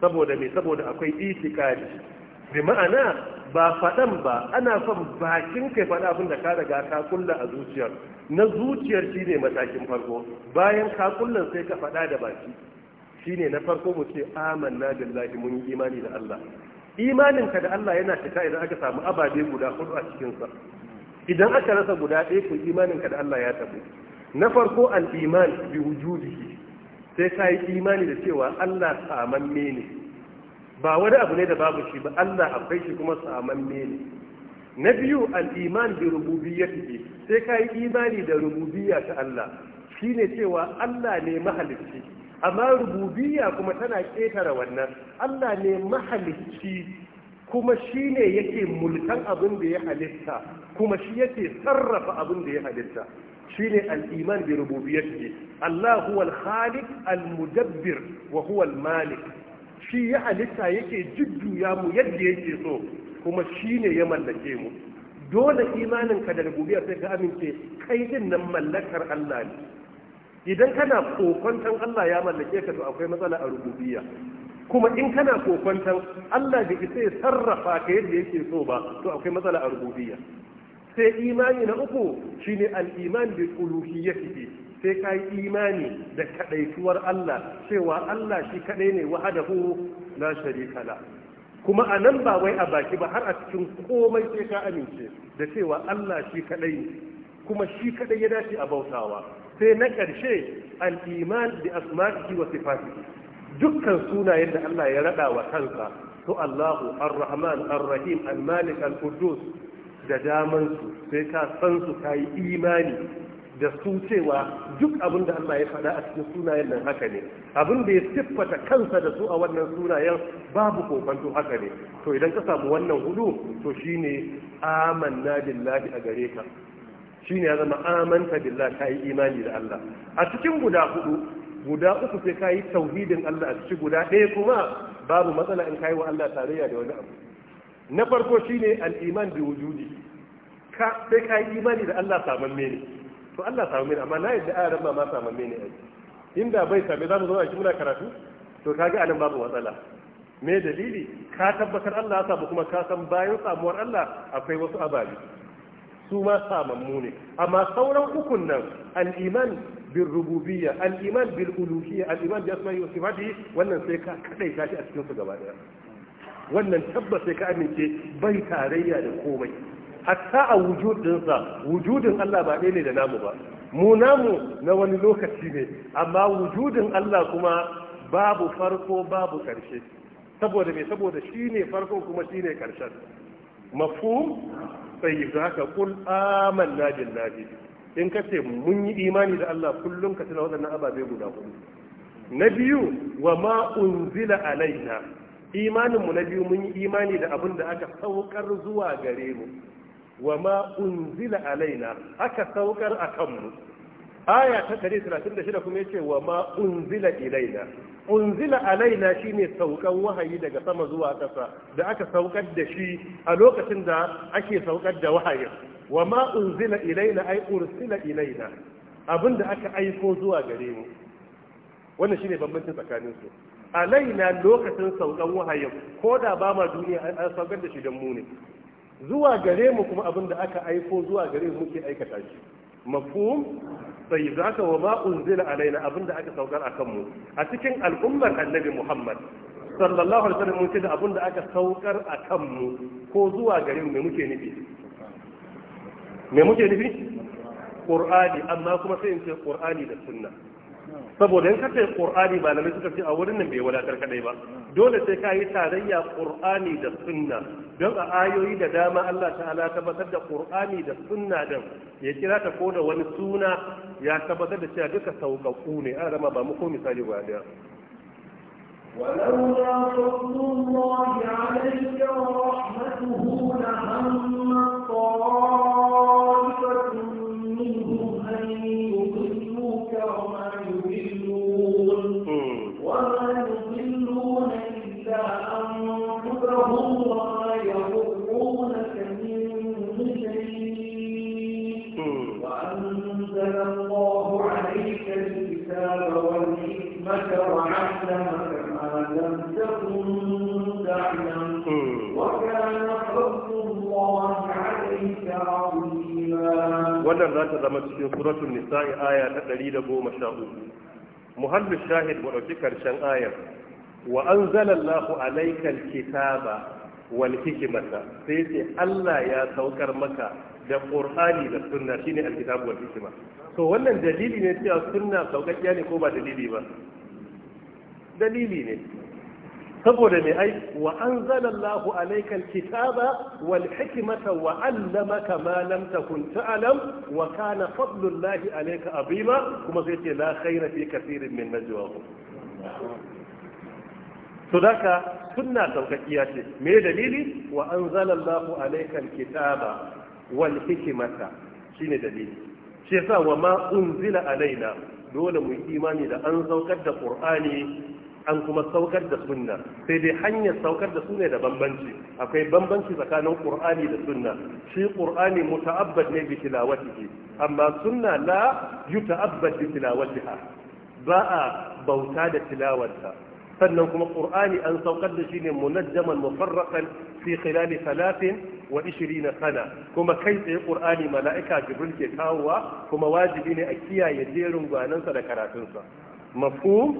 saboda me saboda akwai itikari bi ma'ana ba faɗan ba ana son bakin kai faɗa abin da ka daga ka kulla a zuciyar na zuciyar shine matakin farko bayan ka kullan sai ka faɗa da baki shine na farko mu ce amanna billahi mun yi imani da Allah imaninka da Allah yana cika idan aka samu ababe guda hudu a cikinsa idan aka rasa guda ɗaya imanin imaninka da Allah ya tabu na farko al-iman bi wujudihi sai ka yi imani da cewa Allah samamme ne ba wani abu ne da babu shi ba Allah akwai shi kuma samamme ne na biyu al-iman bi rububiyyatihi sai ka yi imani da rububiyya ta Allah shine cewa Allah ne mahalicci amma rububiya kuma tana ƙetare wannan Allah ne mahalicci kuma shi ne yake mulkan abin da ya halitta kuma shi yake sarrafa abin da ya halitta shi ne al'iman da rububiyyarki Allah huwa al al-mudabbir wa huwa al-malik shi ya halitta yake jujjuya mu yadda yake so kuma shi ne ya mallake mu dole imaninka da rububiyar sai ka amince kai din nan mallakar Allah ne idan kana kokwantan Allah ya mallake ka to akwai matsala a rububiyya kuma in kana kokwantan Allah bai isa ya sarrafa ka yadda yake so ba to akwai matsala a rububiyya sai imani na uku shine al-iman bi uluhiyyatihi sai ka yi imani da kadaituwar Allah cewa Allah shi kadai ne wahdahu la sharika la kuma a nan ba wai a baki ba har a cikin komai sai ka amince da cewa Allah shi kadai kuma shi kadai ya dace a bautawa sai na ƙarshe al'iman da asma'ihi wa sifati dukkan sunayen da Allah ya raɗa wa kansa to Allahu ar-Rahman ar-Rahim al-Malik al-Qudus da daman su sai ka san su kai imani da su cewa duk abin da Allah ya faɗa a cikin sunayen nan haka ne abin da ya siffata kansa da su a wannan sunayen babu kofanto haka ne to idan ka samu wannan hudu to shine amanna billahi a gare ka Shi ne ya zama amanta billah yi imani da Allah a cikin guda hudu guda uku sai yi tauhidin Allah a cikin guda ɗaya kuma babu matsala in ka yi wa Allah tarayya da wani abu na farko shi ne al'iman bi wujudi ka sai imani da Allah saman mene to Allah saman mene amma na yadda ayar ma saman mene ai inda bai same za mu zo a cikin muna karatu to kaga anan babu matsala me dalili ka tabbatar Allah ya samu kuma ka san bayan samuwar Allah akwai wasu abadi? su ma samammu ne amma sauran ukun nan al'iman bil rububiyya al'iman bil uluhiyya al'iman bi asma'i wa wannan sai ka kadai tashi a cikin su gaba daya wannan tabbas sai ka amince bai tarayya da komai hatta a wujudinsa wujudin Allah ba ɗaya ne da namu ba mu namu na wani lokaci ne amma wujudin Allah kuma babu farko babu ƙarshe saboda me saboda shine farko kuma shine ƙarshen mafhum tsayi da haka kul najin billahi in ka ce mun yi imani da Allah kullum ka tuna waɗannan ababe guda hudu na biyu wa ma unzila alaina imanin mu na biyu mun yi imani da abin da aka saukar zuwa gare mu wa ma unzila alaina aka saukar a kanmu. aya ta 136 kuma yace wa ma unzila ilaina unzila alaina shine saukan wahayi daga sama zuwa kasa da aka saukar da shi a lokacin da ake saukar da wahayin wa ma unzila ilaina ai ursila ilaina abinda aka aiko zuwa gare mu wannan shine bambancin tsakanin su alaina lokacin saukan wahayin ko da ba ma duniya an saukar da shi don mu ne zuwa gare mu kuma abinda aka aiko zuwa gare mu ke aikata shi mafhum sai za ka wa ma unzila alaina abinda aka saukar akan mu a cikin al'ummar annabi Muhammad sallallahu alaihi wasallam mun ce da abinda aka saukar akan mu ko zuwa garin me muke nufi me muke nufi Qur'ani amma kuma sai in ce Qur'ani da Sunna saboda in kace qur'ani malamai suka ce a wurin nan bai wadatar kadai ba dole sai ka yi tarayya qur'ani da sunna don a ayoyi da dama Allah ta'ala tabbatar da qur'ani da sunna din ya kira ta ko da wani suna ya tabbatar da cewa duka sauƙaƙu ne an rama ba muku misali ba da ولولا فضل الله عليك ورحمته لهم salama cikin suratun nisa'i aya ta 113 muhallu shahid wa ɗauki karshen ayar wa an zalallahu alaikal kitaba wal hikimata sai ce Allah ya saukar maka da qur'ani da sunna shine alkitabu wal hikima to wannan dalili ne cewa sunna saukakkiya ne ko ba dalili ba dalili ne saboda mai ai wa an zalallahu alaikal kitaba wal hikimata wa allamaka ma lam takun ta'lam wa kana fadlullahi alaika abima kuma zai ce la khayra fi kathirin min najwahum to daka sunna saukakiya ce me dalili wa an zalallahu alaikal kitaba wal hikimata shine dalili shi yasa wa ma unzila alaina dole mu imani da an saukar da qur'ani an kuma saukar da sunna sai dai hanyar saukar da su ne da bambanci akwai bambanci tsakanin qur'ani da sunna shi qur'ani muta'abbad ne bi tilawatihi amma sunna la yuta'abbad bi tilawatiha ba a bauta da tilawarta sannan kuma qur'ani an saukar da shi ne munajjaman mufarraqan fi khilali 23 sana kuma kai tsaye qur'ani mala'ika jibril ke kawowa kuma wajibi ne a kiyaye jerin gwanansa da karatunsa mafu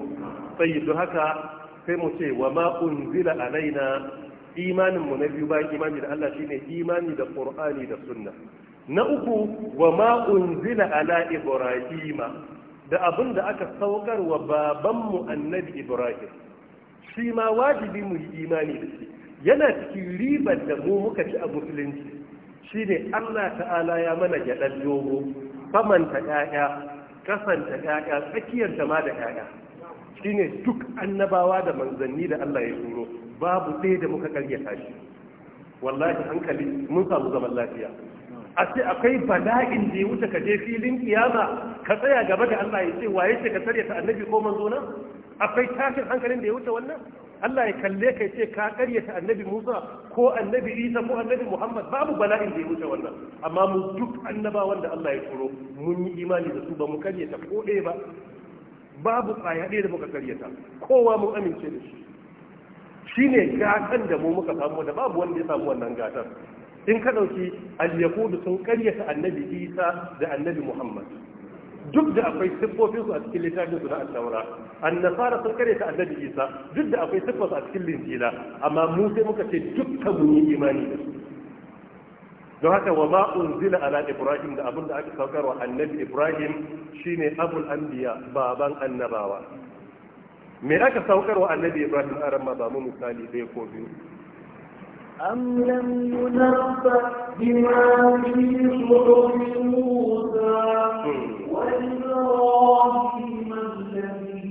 sai don haka sai mu ce wa ma unzila alaina imanin mu na biyu bayan imani da Allah shine imani da Qur'ani da Sunna na uku wa ma unzila ala ibrahima da abin da aka saukar wa babanmu annabi ibrahim shi ma wajibi mu yi imani da shi yana cikin ribar da mu muka ci a musulunci shine Allah ta'ala ya mana gyaɗar yogo famanta 'ya'ya kasanta kaya tsakiyar ma da ƴaƴa shine duk annabawa da manzanni da Allah ya turo babu ɗaya da muka karyata shi wallahi hankali mun samu zaman lafiya a ce akwai bala'in da ya wuce ka je filin kiyama ka tsaya gaba da Allah ya ce waye ce ka tsare ta annabi ko manzo na akwai tashin hankalin da ya wuce wannan Allah ya kalle ka ce ka karyata annabi Musa ko annabi Isa ko annabi Muhammad babu bala'in da ya wuce wannan amma mu duk annabawan da Allah ya tsoro mun yi imani da su ba mu karyata ko ɗaya ba babu tsaya ɗaya da muka karyata kowa mun amince da shi shine gatan da mu muka samu da babu wanda ya samu wannan gatan in ka ɗauki al-yahudu sun karyata annabi Isa da annabi Muhammad duk da akwai siffofinsu a cikin littafin su na al annasara sun kare ta annabi isa duk da akwai siffarsa a cikin linjila amma mu sai muka ce dukkan mu yi imani da su don haka wa ma unzila ala ibrahim da abin da aka saukarwa annabi ibrahim shine abul anbiya baban annabawa me aka saukarwa annabi ibrahim aran ma ba mu misali ɗaya ko biyu أم لم ينبأ بما في صحف موسى وإبراهيم الذي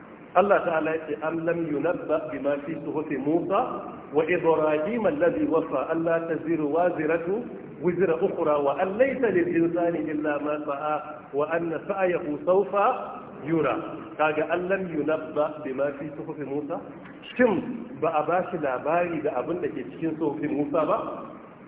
Allah ta'ala yake an lam yunabba bima fi suhufi Musa wa Ibrahim alladhi wafa Allah taziru waziratu wizra ukhra wa an laysa lil insani illa ma sa'a wa anna sa'yahu sawfa yura kaga an lam yunabba bima fi suhufi Musa shin ba a bashi labari da abin da ke cikin suhufi Musa ba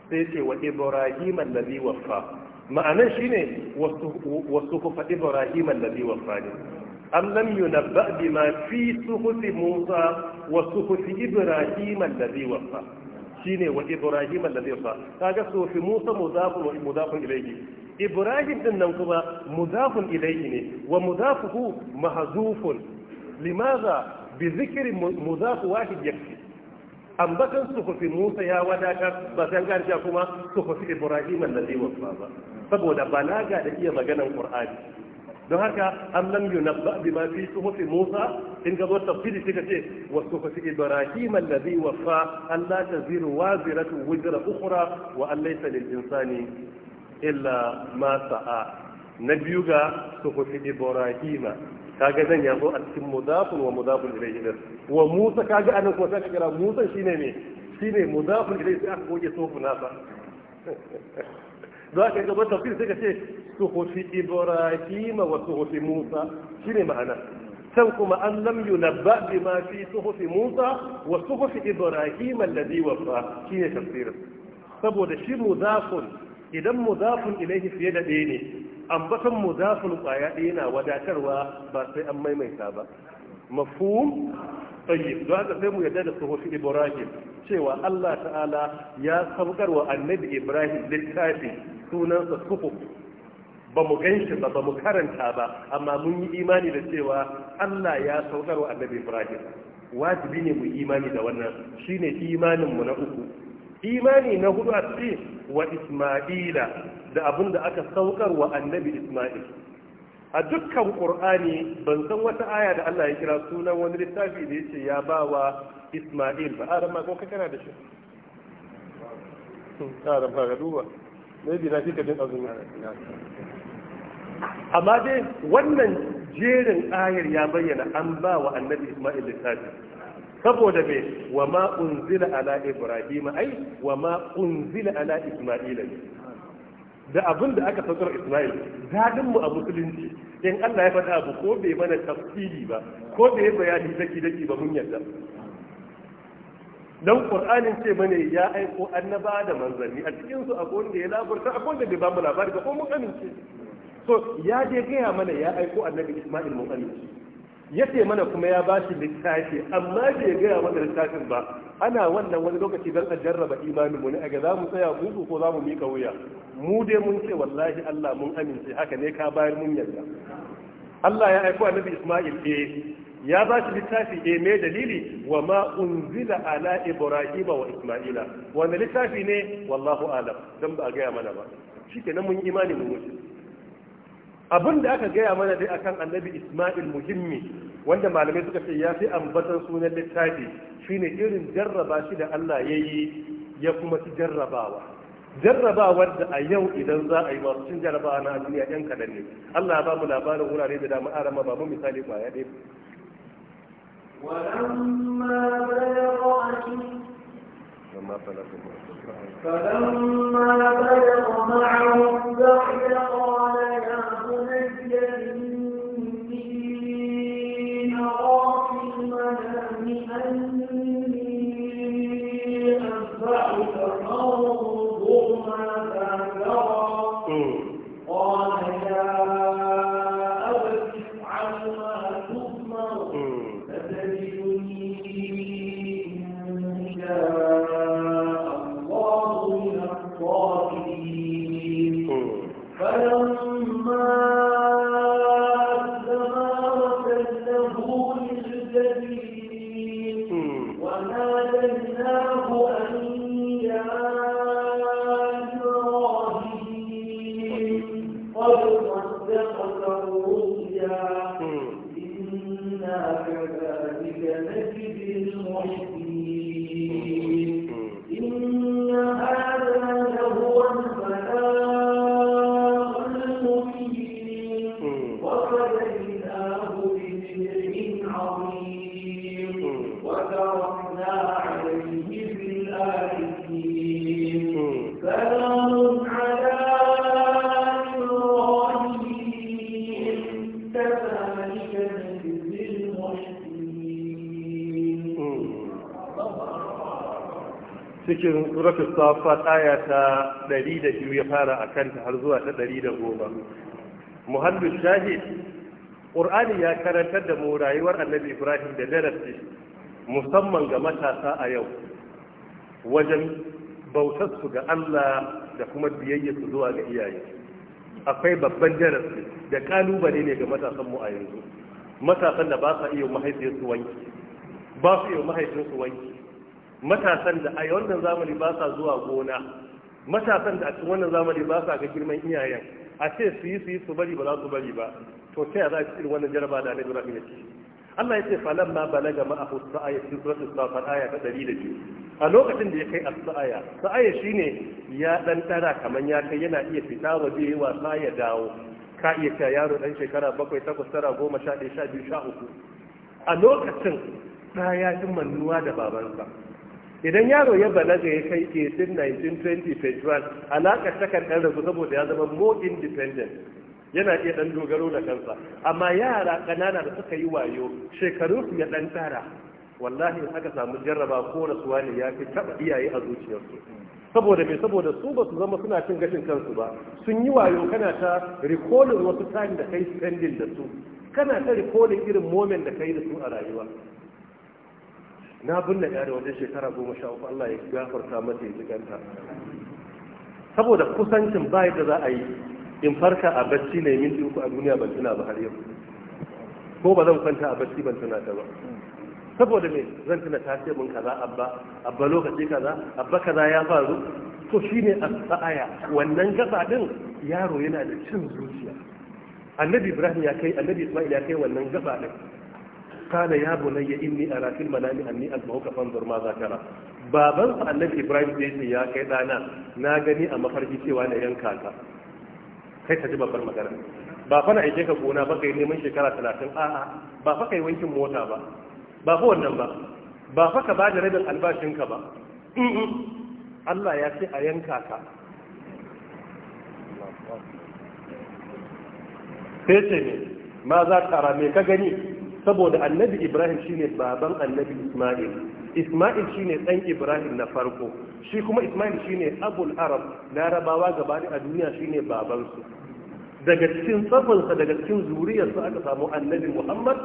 sai ce wa Ibrahim alladhi wafa ma'anan shine wasu wasu fa Ibrahim alladhi wafa ne am lam yunabba bima fi suhufi Musa wa suhufi Ibrahim allazi waffa shine wa Ibrahim allazi waffa kaga suhufi Musa mudafun wa mudafun ilayhi Ibrahim din nan kuma mudafun ilayhi ne wa mudafuhu mahzufun limaza bi dhikri mudaf wahid yakfi ambatan suhufi Musa ya wadatar ba sai ga kuma suhufi Ibrahim allazi wafa ba saboda balaga da iya maganan Qur'ani don haka an lam bi ma fi suhufi Musa in ga zuwa tafsiri suka ce wa suhufi Ibrahim allazi wafa Allah taziru waziratu wizra ukhra wa an laysa lil insani illa ma sa'a na biyu ga suhufi Ibrahim kaga zan yazo a cikin mudafun wa mudafun ilayhi wa Musa kaga anan ko sai kira Musa shine ne shine mudafun ilayhi sai aka goge suhufu nasa (laughs) za ka gaba tafsir sai ka ce suhufi ibrahim wa suhufi musa shine ma'ana can kuma an lam yunabba bima fi suhufi musa wa suhufi ibrahim alladhi wafa shine tafsirin saboda shi mudafun idan mudafun ilaihi fiye da ɗaya ne ambaton mudafun kwaya ɗaya na wadatarwa ba sai an maimaita ba mafhum tayyib don haka sai mu yarda da suhufi ibrahim cewa Allah ta'ala ya saukar wa annabi ibrahim littafi sunansa sufu ba mu ganshi ba ba mu karanta ba amma mun yi imani da cewa Allah ya saukar wa annabi Ibrahim wajibi ne mu imani da wannan shine imanin mu na uku imani na hudu a ce wa Isma'ila da abin da aka saukar wa annabi Isma'il a dukkan Qur'ani ban san wata aya da Allah ya kira sunan wani littafi da yace ya ba wa Isma'il ba a ran ma ko kana da shi hmm, a ran ka duba na fi azumi amma dai wannan jerin ayar ya bayyana an ba wa annabi isma'il littafi saboda me wa ma unzila ala ibrahim ai wa ma unzila ala isma'il da abin da aka saukar isma'il dadin mu a musulunci in Allah ya faɗa abu ko bai mana tafsiri ba ko bai bayani daki daki ba mun yarda don ƙur'anin ce mana ya aiko annaba da manzanni a cikin su akwai da ya labarta akwai wanda bai mu labari ba ko mun amince so ya je gaya mana ya aiko annabi isma'il mun amince ya ce mana kuma ya ba shi littafi amma bai gaya mana littafin ba ana wannan wani lokaci don a jarraba imanin mu ne a ga za mu tsaya musu ko za mu mika wuya mu dai mun ce wallahi Allah mun amince haka ne ka bayar mun yarda Allah ya aiko annabi Isma'il eh ya ba shi littafi ne eh, mai dalili wa ma unzila ala ibrahima wa isma'ila wanda littafi ne wallahu alam dan ba a gaya mana ba shi shikenan mun imani mu mutu abin da aka gaya mana dai akan annabi isma'il muhimmi wanda malamai suka ce ya fi ambatan sunan littafi shine irin jarraba shi da Allah ya yi ya kuma ci jarrabawa jarrabawar da a yau idan za a yi masu cin jarrabawa na duniya yan kadan Allah ya ba mu labarin wurare da dama arama ba mu misali ba ya dai ولما بلغ أشده فلما بلغ معه safat aya ta 102 ya fara a kanta har zuwa ta 110 muhallu shahid ƙur'ani ya karantar da mu rayuwar annabi ibrahim da darasi musamman ga matasa a yau wajen bautarsu ga allah da kuma biyayyarsu zuwa ga iyaye akwai babban darasi da kalubale ne ga matasanmu a yanzu matasan da ba sa iya mahaifiyarsu wanki ba su iya mahaifinsu wanki matasan da a wannan zamani ba sa zuwa gona matasan da a cikin wannan zamani ba sa ga girman iyayen a ce su yi su yi su bari ba za su bari ba to ta za a cikin wannan jaraba da annabi rahim yake Allah ya ce falan ma balaga ma ahu sa'aya cikin suratul safar aya ta 102 a lokacin da ya kai as-sa'aya sa'aya shine ya dan tara kaman ya kai yana iya fita waje yi wasa ya dawo ka iya ta yaro dan shekara bakwai takwas tara goma sha ɗaya sha biyu sha uku a lokacin ɗaya ya fi mannuwa da babansa idan yaro ya balaga ya kai 18 19 20 21 ta kan ɗan saboda ya zama more independent yana iya ɗan dogaro da kansa amma yara ƙanana da suka yi wayo shekaru su ya ɗan tara wallahi in aka samu jarraba ko rasuwa ne ya fi taɓa iyaye a zuciyarsu saboda mai saboda su ba su zama suna cin gashin kansu ba sun yi wayo kana ta rikolin wasu time da kai spending da su kana ta rikolin irin moment da kai da su a rayuwa na binne ya da wajen shekara goma sha uku Allah ya gafarta mace ya jiganta saboda kusancin ba da za a yi in farka a bacci ne minti uku a duniya ban tuna ba har yau ko ba zan kwanta a bacci ban tuna ta ba saboda me zan tuna tasirin kaza abba abba lokaci kaza abba kaza ya faru to shine tsaya wannan gaba din yaro yana da cin zuciya annabi ibrahim ya kai annabi isma'il ya kai wannan gaba din qala ya bunayya inni a fil manami anni azbahuka fanzur ma zakara baban sa annabi ibrahim ya ce ya kai dana na gani a mafarki cewa na yanka ka kai ta ji babbar magana ba fa na aike ka gona ba kai neman shekara 30 a'a ba fa kai wankin mota ba ba fa wannan ba ba fa ka bada rabin albashinka ba Allah ya ce a yanka ka sai ce ne ma za ka rame ka gani saboda annabi ibrahim shine baban annabi isma'il isma'il shine dan ibrahim na farko shi kuma isma'il shine abul arab larabawa gaba a duniya shine babansu daga cikin tsafinsa daga cikin zuriyarsa aka samu annabi muhammad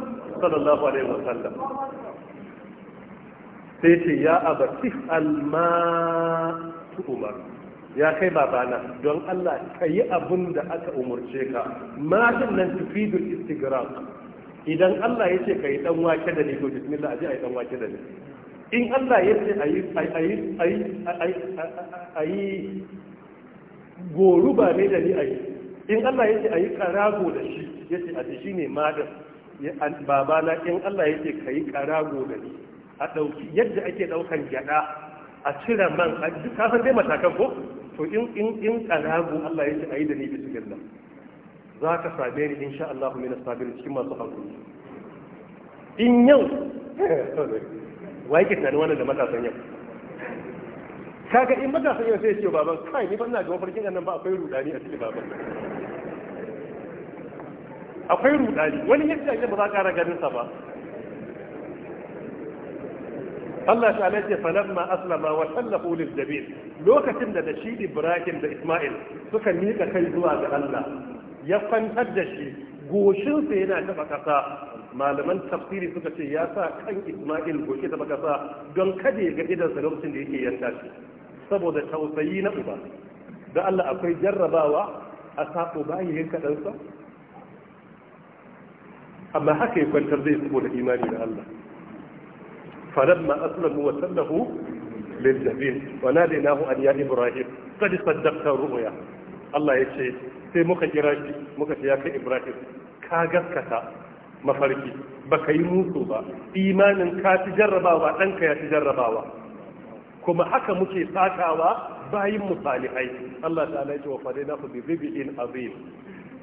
sallallahu alaihi wasallam sai ce ya abatif alma umar ya kai babana don allah ka yi abin da aka umarce ka matan nan tufidul istigraq idan Allah ya ce ka yi dan wake da ne to bismillah aje ayi dan wake da ne in Allah ya ce ayi ayi ayi ayi goruba ne da ni ayi in Allah ya ce ayi karago da shi ya ce aje shi ne da babana in Allah ya ce ka yi karago da ni a ɗauki yadda ake ɗaukan gyada, a cire man a duk kafin dai matakan ko to in in in karago Allah ya ce ayi da ni bismillah za ka same ni insha Allah min sabiru cikin masu hankali in yau (laughs) wai ke tunanin wannan da matasan yau kaga in matasan yau sai ce baban kai ni ban na ga mafarkin nan ba akwai rudani a cikin baban akwai rudani wani yadda ake ba za ka ganin sa ba Allah ta alaƙe falamma aslama wa sallahu lil jabil lokacin da da shi Ibrahim da Ismail suka miƙa kai zuwa ga Allah ya kwantar da shi goshinsa yana taɓa kasa malaman tafsiri suka ce ya sa kan isma'il goshi taɓa kasa don kada ya ga idan lokacin da yake yanka shi saboda tausayi na uba da Allah akwai jarrabawa a sako bayan yanka ɗansa amma haka ya kwantar zai saboda imani da Allah falamma aslamu wa sallahu lil jabin wa nadainahu an ya ibrahim qad saddaqta ru'ya Allah ya ce sai muka kira shi muka ce ya kai Ibrahim ka gaskata mafarki baka yi musu ba imanin ka ci jarrabawa ɗanka ya ci jarrabawa kuma haka muke sakawa bayin mu salihai Allah ta'ala ala ce wa fadaina ku bi ribin azim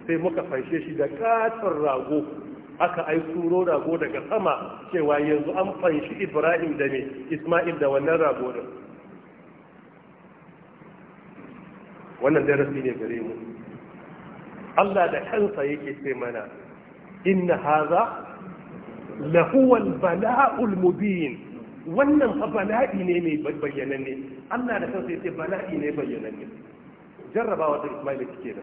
sai muka fanshe shi da katon rago aka ai turo rago daga sama cewa yanzu an fanshi Ibrahim da ne Isma'il da wannan rago da wannan darasi ne gare mu Allah da kansa yake ce mana inna haza lahuwal bala'ul mubin wannan fa bala'i ne mai bayyananne Allah da kansa yake bala'i ne bayyananne jarrabawa ta Ismail take da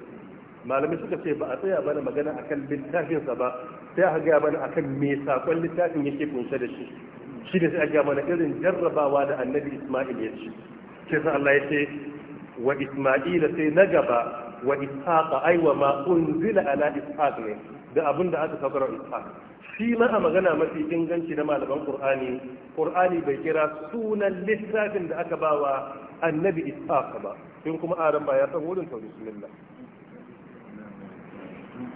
malamai suka ce ba a tsaya bana magana akan littafinsa ba sai aka ga mana akan me sakon littafin yake kunshe da shi shi ne sai aka gaya mana irin jarrabawa da annabi Ismail ya ci sai Allah ya ce wa isma'ila sai na gaba wa ishaqa ai wa ma unzila ala ishaq ne da abin da aka saukar ishaq shi ma a magana mafi inganci na malaman qur'ani qur'ani bai kira sunan lissafin da aka bawa annabi ishaq ba in kuma aran ba ya san wurin tauhid bismillah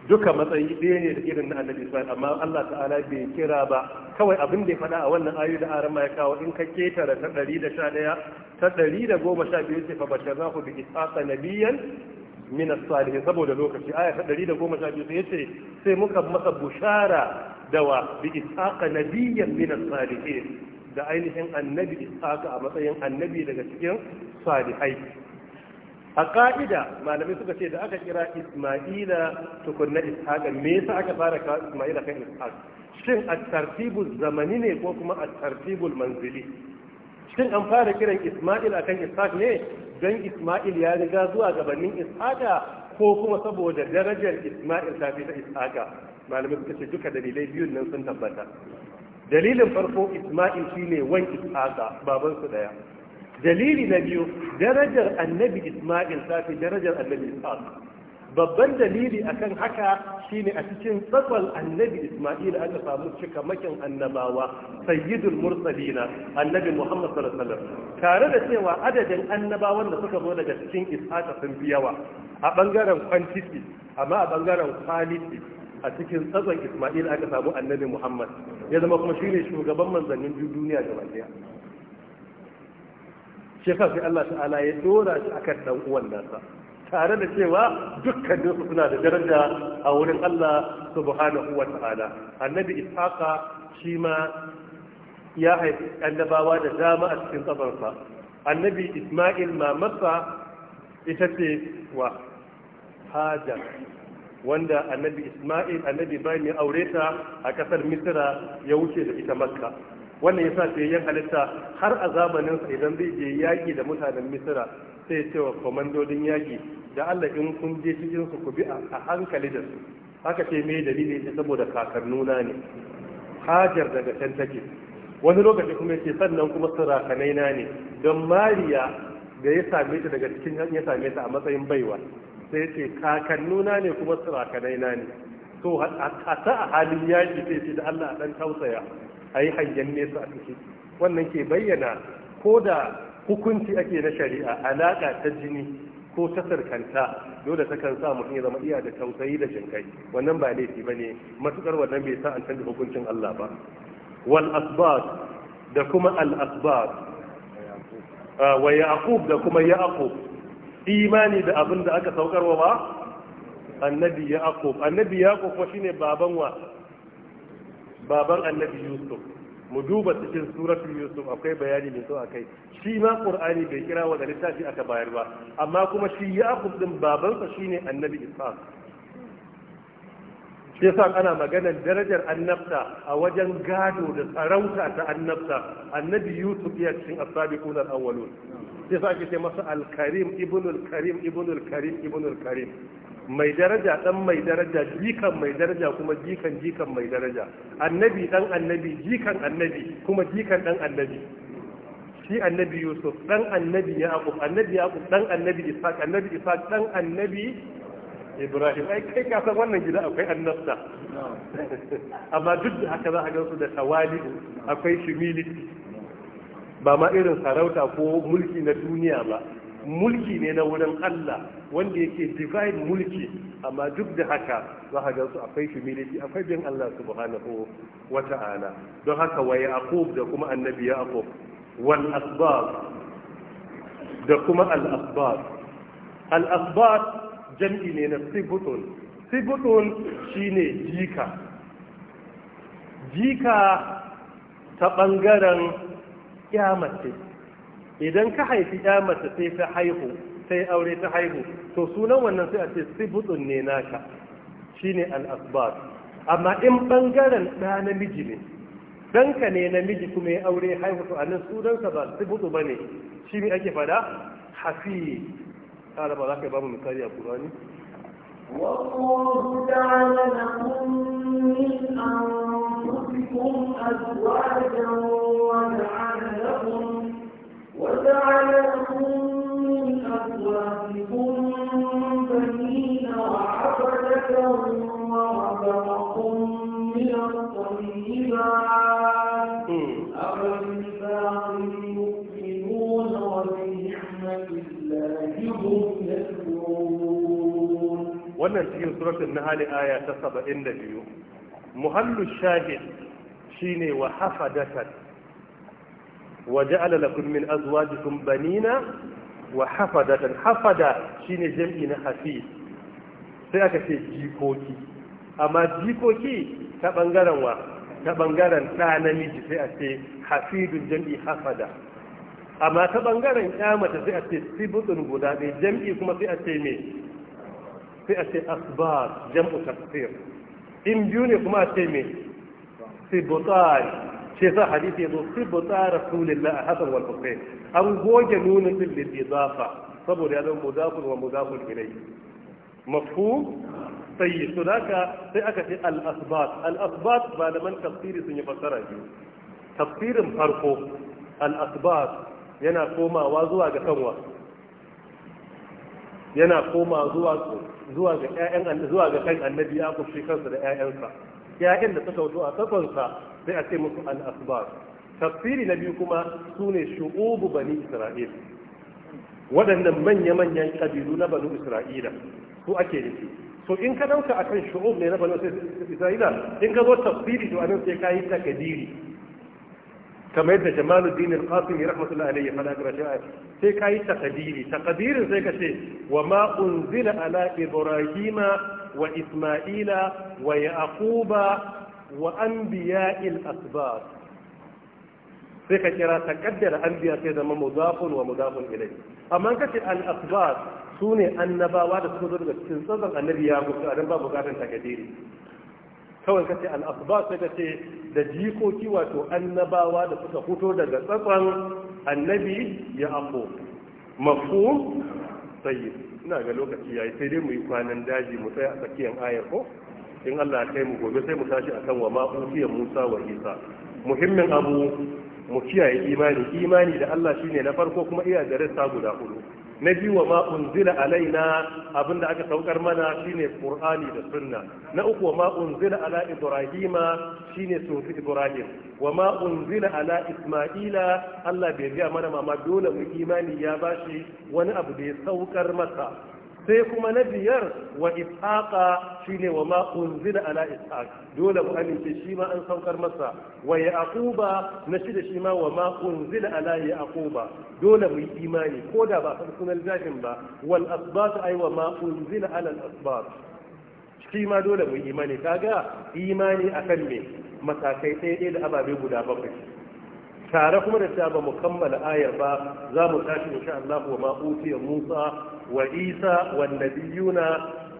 duka matsayi ɗaya ne da irin na annabi Ismail amma Allah ta'ala bai kira ba kawai abin da ya faɗa a wannan ayu da arama ya kawo in ka ketare ta ɗari da sha ta ɗari da goma sha biyu ce fa bashar ku bi isaƙa nabiyan min salihin saboda lokaci aya ta ɗari da goma sha biyu sai ce sai muka masa bushara da wa bi isaƙa nabiyan min salihin da ainihin annabi isaƙa a matsayin annabi daga cikin salihai a ka'ida malamai suka ce da aka kira isma'ila tukunna ishaqa me yasa aka fara kawo isma'ila kan ishaq shin a tartibul zamani ne ko kuma a tartibul manzili shin an fara kiran isma'il akan ishaq ne don isma'il ya riga zuwa gabanin ishaqa ko kuma saboda darajar isma'il ta fi ta ishaqa malamai suka ce duka dalilai biyun nan sun tabbata dalilin farko isma'il shine wan ishaqa babansu ɗaya. daya dalili na biyu darajar annabi isma'il fi darajar annabi isa'il babban dalili akan haka shine a cikin tsakwal annabi isma'il aka samu cikamakin annabawa sayyidul mursalina annabi muhammad sallallahu alaihi wasallam tare da cewa adadin annabawan da suka zo daga cikin ishaqa sun fi yawa a bangaren quantity amma a bangaren kwaliti a cikin tsatson isma'il aka samu annabi muhammad ya zama kuma shine shugaban manzannin duniya gaba daya shi yasa sai Allah ta'ala ya dora shi akan dan uwan nasa tare da cewa dukkanin su suna da daraja a wurin Allah subhanahu wa ta'ala annabi ishaqa shi ma ya haifi annabawa da dama a cikin kafarsa annabi isma'il masa ita ce wa hajar wanda annabi isma'il annabi bai mai aure ta a kasar misira ya wuce da ita makka wannan yasa fiyayyen halitta har a zamaninsa idan zai je yaƙi da mutanen misira sai ce wa komandodin yaƙi da allah in kun je cikin su ku bi a hankali da su haka ce me dalili ne saboda kakannuna ne hajar daga can take wani lokaci kuma ce sannan kuma surakanai na ne don mariya da ya same ta daga cikin ya same ta a matsayin baiwa sai ce kakannuna ne kuma surakanai na ne to a ta a halin yaƙi sai ce da allah a ɗan tausaya a yi hangen nesa a ciki wannan ke bayyana ko da hukunci ake na shari'a alaƙa ta jini ko ta sarkanta dole ta kan sa mutum ya zama iya da tausayi da jinkai wannan ba laifi ba ne matukar wannan bai sa an canza hukuncin Allah ba wal asbab da kuma al asbab ah, wa yaqub da kuma yaqub imani da abin da aka saukarwa ba annabi yaqub annabi yaqub ko shine baban wa baban annabi yusuf mu duba cikin suratul yusuf akwai bayani mai a akai shi ma qur'ani bai kira wa da littafi aka bayar ba amma kuma shi ya din babansa shine annabi ishaq shi yasa ana maganar darajar annabta a wajen gado da sarauta ta annabta annabi yusuf ya cikin as-sabiqun al-awwalun shi sa ake ce masa al-karim ibnul karim ibnul karim ibnul karim mai daraja dan mai daraja jikan mai daraja kuma jikan jikan mai daraja annabi dan annabi jikan annabi kuma jikan dan annabi shi annabi yusuf dan annabi yaqub annabi yaqub dan annabi ishaq annabi ishaq dan annabi ibrahim ai kai ka san wannan gida akwai annabta (laughs) amma duk da haka za a gansu da tawali akwai shimili ba ma irin sarauta ko mulki na duniya ba mulki ne na wurin Allah wanda yake divine mulki amma duk da haka za ka gansu akwai humility akwai bin Allah subhanahu wa ta'ala don haka wa yaqub da kuma annabi yaqub wal asbab da kuma al asbab al asbab jam'i ne na sibutun sibutun shine jika jika ta bangaren mace. idan ka haifi ya mace sai ta haihu sai aure ta haihu to sunan wannan sai a ce sibutun ne naka shine al-asbab amma in bangaren ɗa namiji ne ka ne namiji kuma ya aure haihu to anan sunansa ba sibutu ne shi ne ake fada hafi ƙara ba za ka ba mu misali a kurani والله جعل لكم من أنفسكم أزواجا وجعل لكم wannan cikin suratul nahl aya ta 72 muhallu shahid shine wa hafadatan وجعل لكم من أزواجكم بنينا وحفدة shine شين جمعنا حفيد سيأكسي جيكوكي أما جيكوكي تبنغرا واحد ta ɓangaren ɗa namiji sai a ce hafidun jam'i hafada amma ta ɓangaren ƙyamata sai a ce guda ɗaya jam'i kuma sai a me sai a ce jam'u tafsir in biyu ne kuma a ce me sibutan shi sa hadisi tsara sibta rasulillah hasan wal husayn an goge nunin din lil zafa saboda ya zama mudafun wa mudafun ilai Mafu, tsayi, to haka sai aka ce al asbat al asbat malaman tafsiri sun yi fassara biyu tafsirin farko al asbat yana komawa zuwa ga kanwa yana koma zuwa zuwa ga ƴaƴan zuwa ga kan annabi ya kushe kansa da ƴaƴansa ƴaƴan da suka wuto a kafansa sai a ce musu al-asbab tafsiri na biyu kuma su ne shu'ubu bani isra'il waɗannan manya-manyan ƙabilu na bani isra'ila su ake nufi so in ka ɗauka akan shu'ub ne na banu isra'ila in ka zo tafsiri to anan sai ka yi takadiri kamar yadda jamaluddin al-qasim rahmatullahi alayhi fada ga shi'a sai ka yi ta takadirin sai ka ce wa ma unzila ala ibrahima wa isma'ila wa yaquba wa anbiya'il asbab sai ka kira ta kaddara anbiya sai zama mudafun wa mudafun ilai amma kace al asbab sune annabawa da suka zo daga cikin tsazan annabi ya mutu dan ba bukatun takadiri kawai kace al asbab sai ce da jikoki wato annabawa da suka fito daga tsatsan annabi ya afo mafhum tayyib ina ga lokaci yayi sai dai mu yi kwanan daji mu tsaya a tsakiyar ayar ko in Allah ya kai mu gobe sai mu tashi akan wa ma'ufiyan Musa wa Isa muhimmin abu mu kiyaye imani imani da Allah shine na farko kuma iya da rassa guda hudu na biyu wa ma unzila alaina abinda aka saukar mana shine qur'ani da sunna na uku wa ma unzila ala ibrahima shine sufi ibrahim wa ma unzila ala isma'ila Allah bai ga mana mama dole mu imani ya bashi wani abu da ya saukar masa sai kuma na biyar wa ishaqa shine wa ma unzila ala ishaq dole ku amince shi ma an saukar masa wa yaquba na shida shi ma wa ma unzila ala yaquba dole mu yi imani ko da ba san sunan zafin ba wal asbat ay wa ma unzila ala al asbat shi ma dole mu yi imani kaga imani akan me matakai ɗaya da ababe guda bakwai tare kuma da cewa ba mu kammala ayar ba za mu tashi insha Allah wa ma utiya Musa wa Isa wa nabiyuna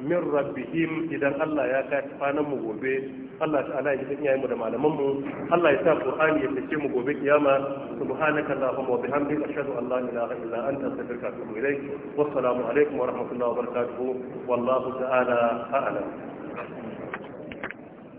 min rabbihim idan Allah ya ka kwanan mu gobe Allah ta'ala ya jikin yayin mu da malaman mu Allah ya sa Qur'ani ya fice mu gobe kiyama subhanaka allahumma wa bihamdika ashhadu an la ilaha illa anta astaghfiruka wa atubu ilaik wassalamu alaikum wa rahmatullahi wa barakatuh wallahu ta'ala a'lam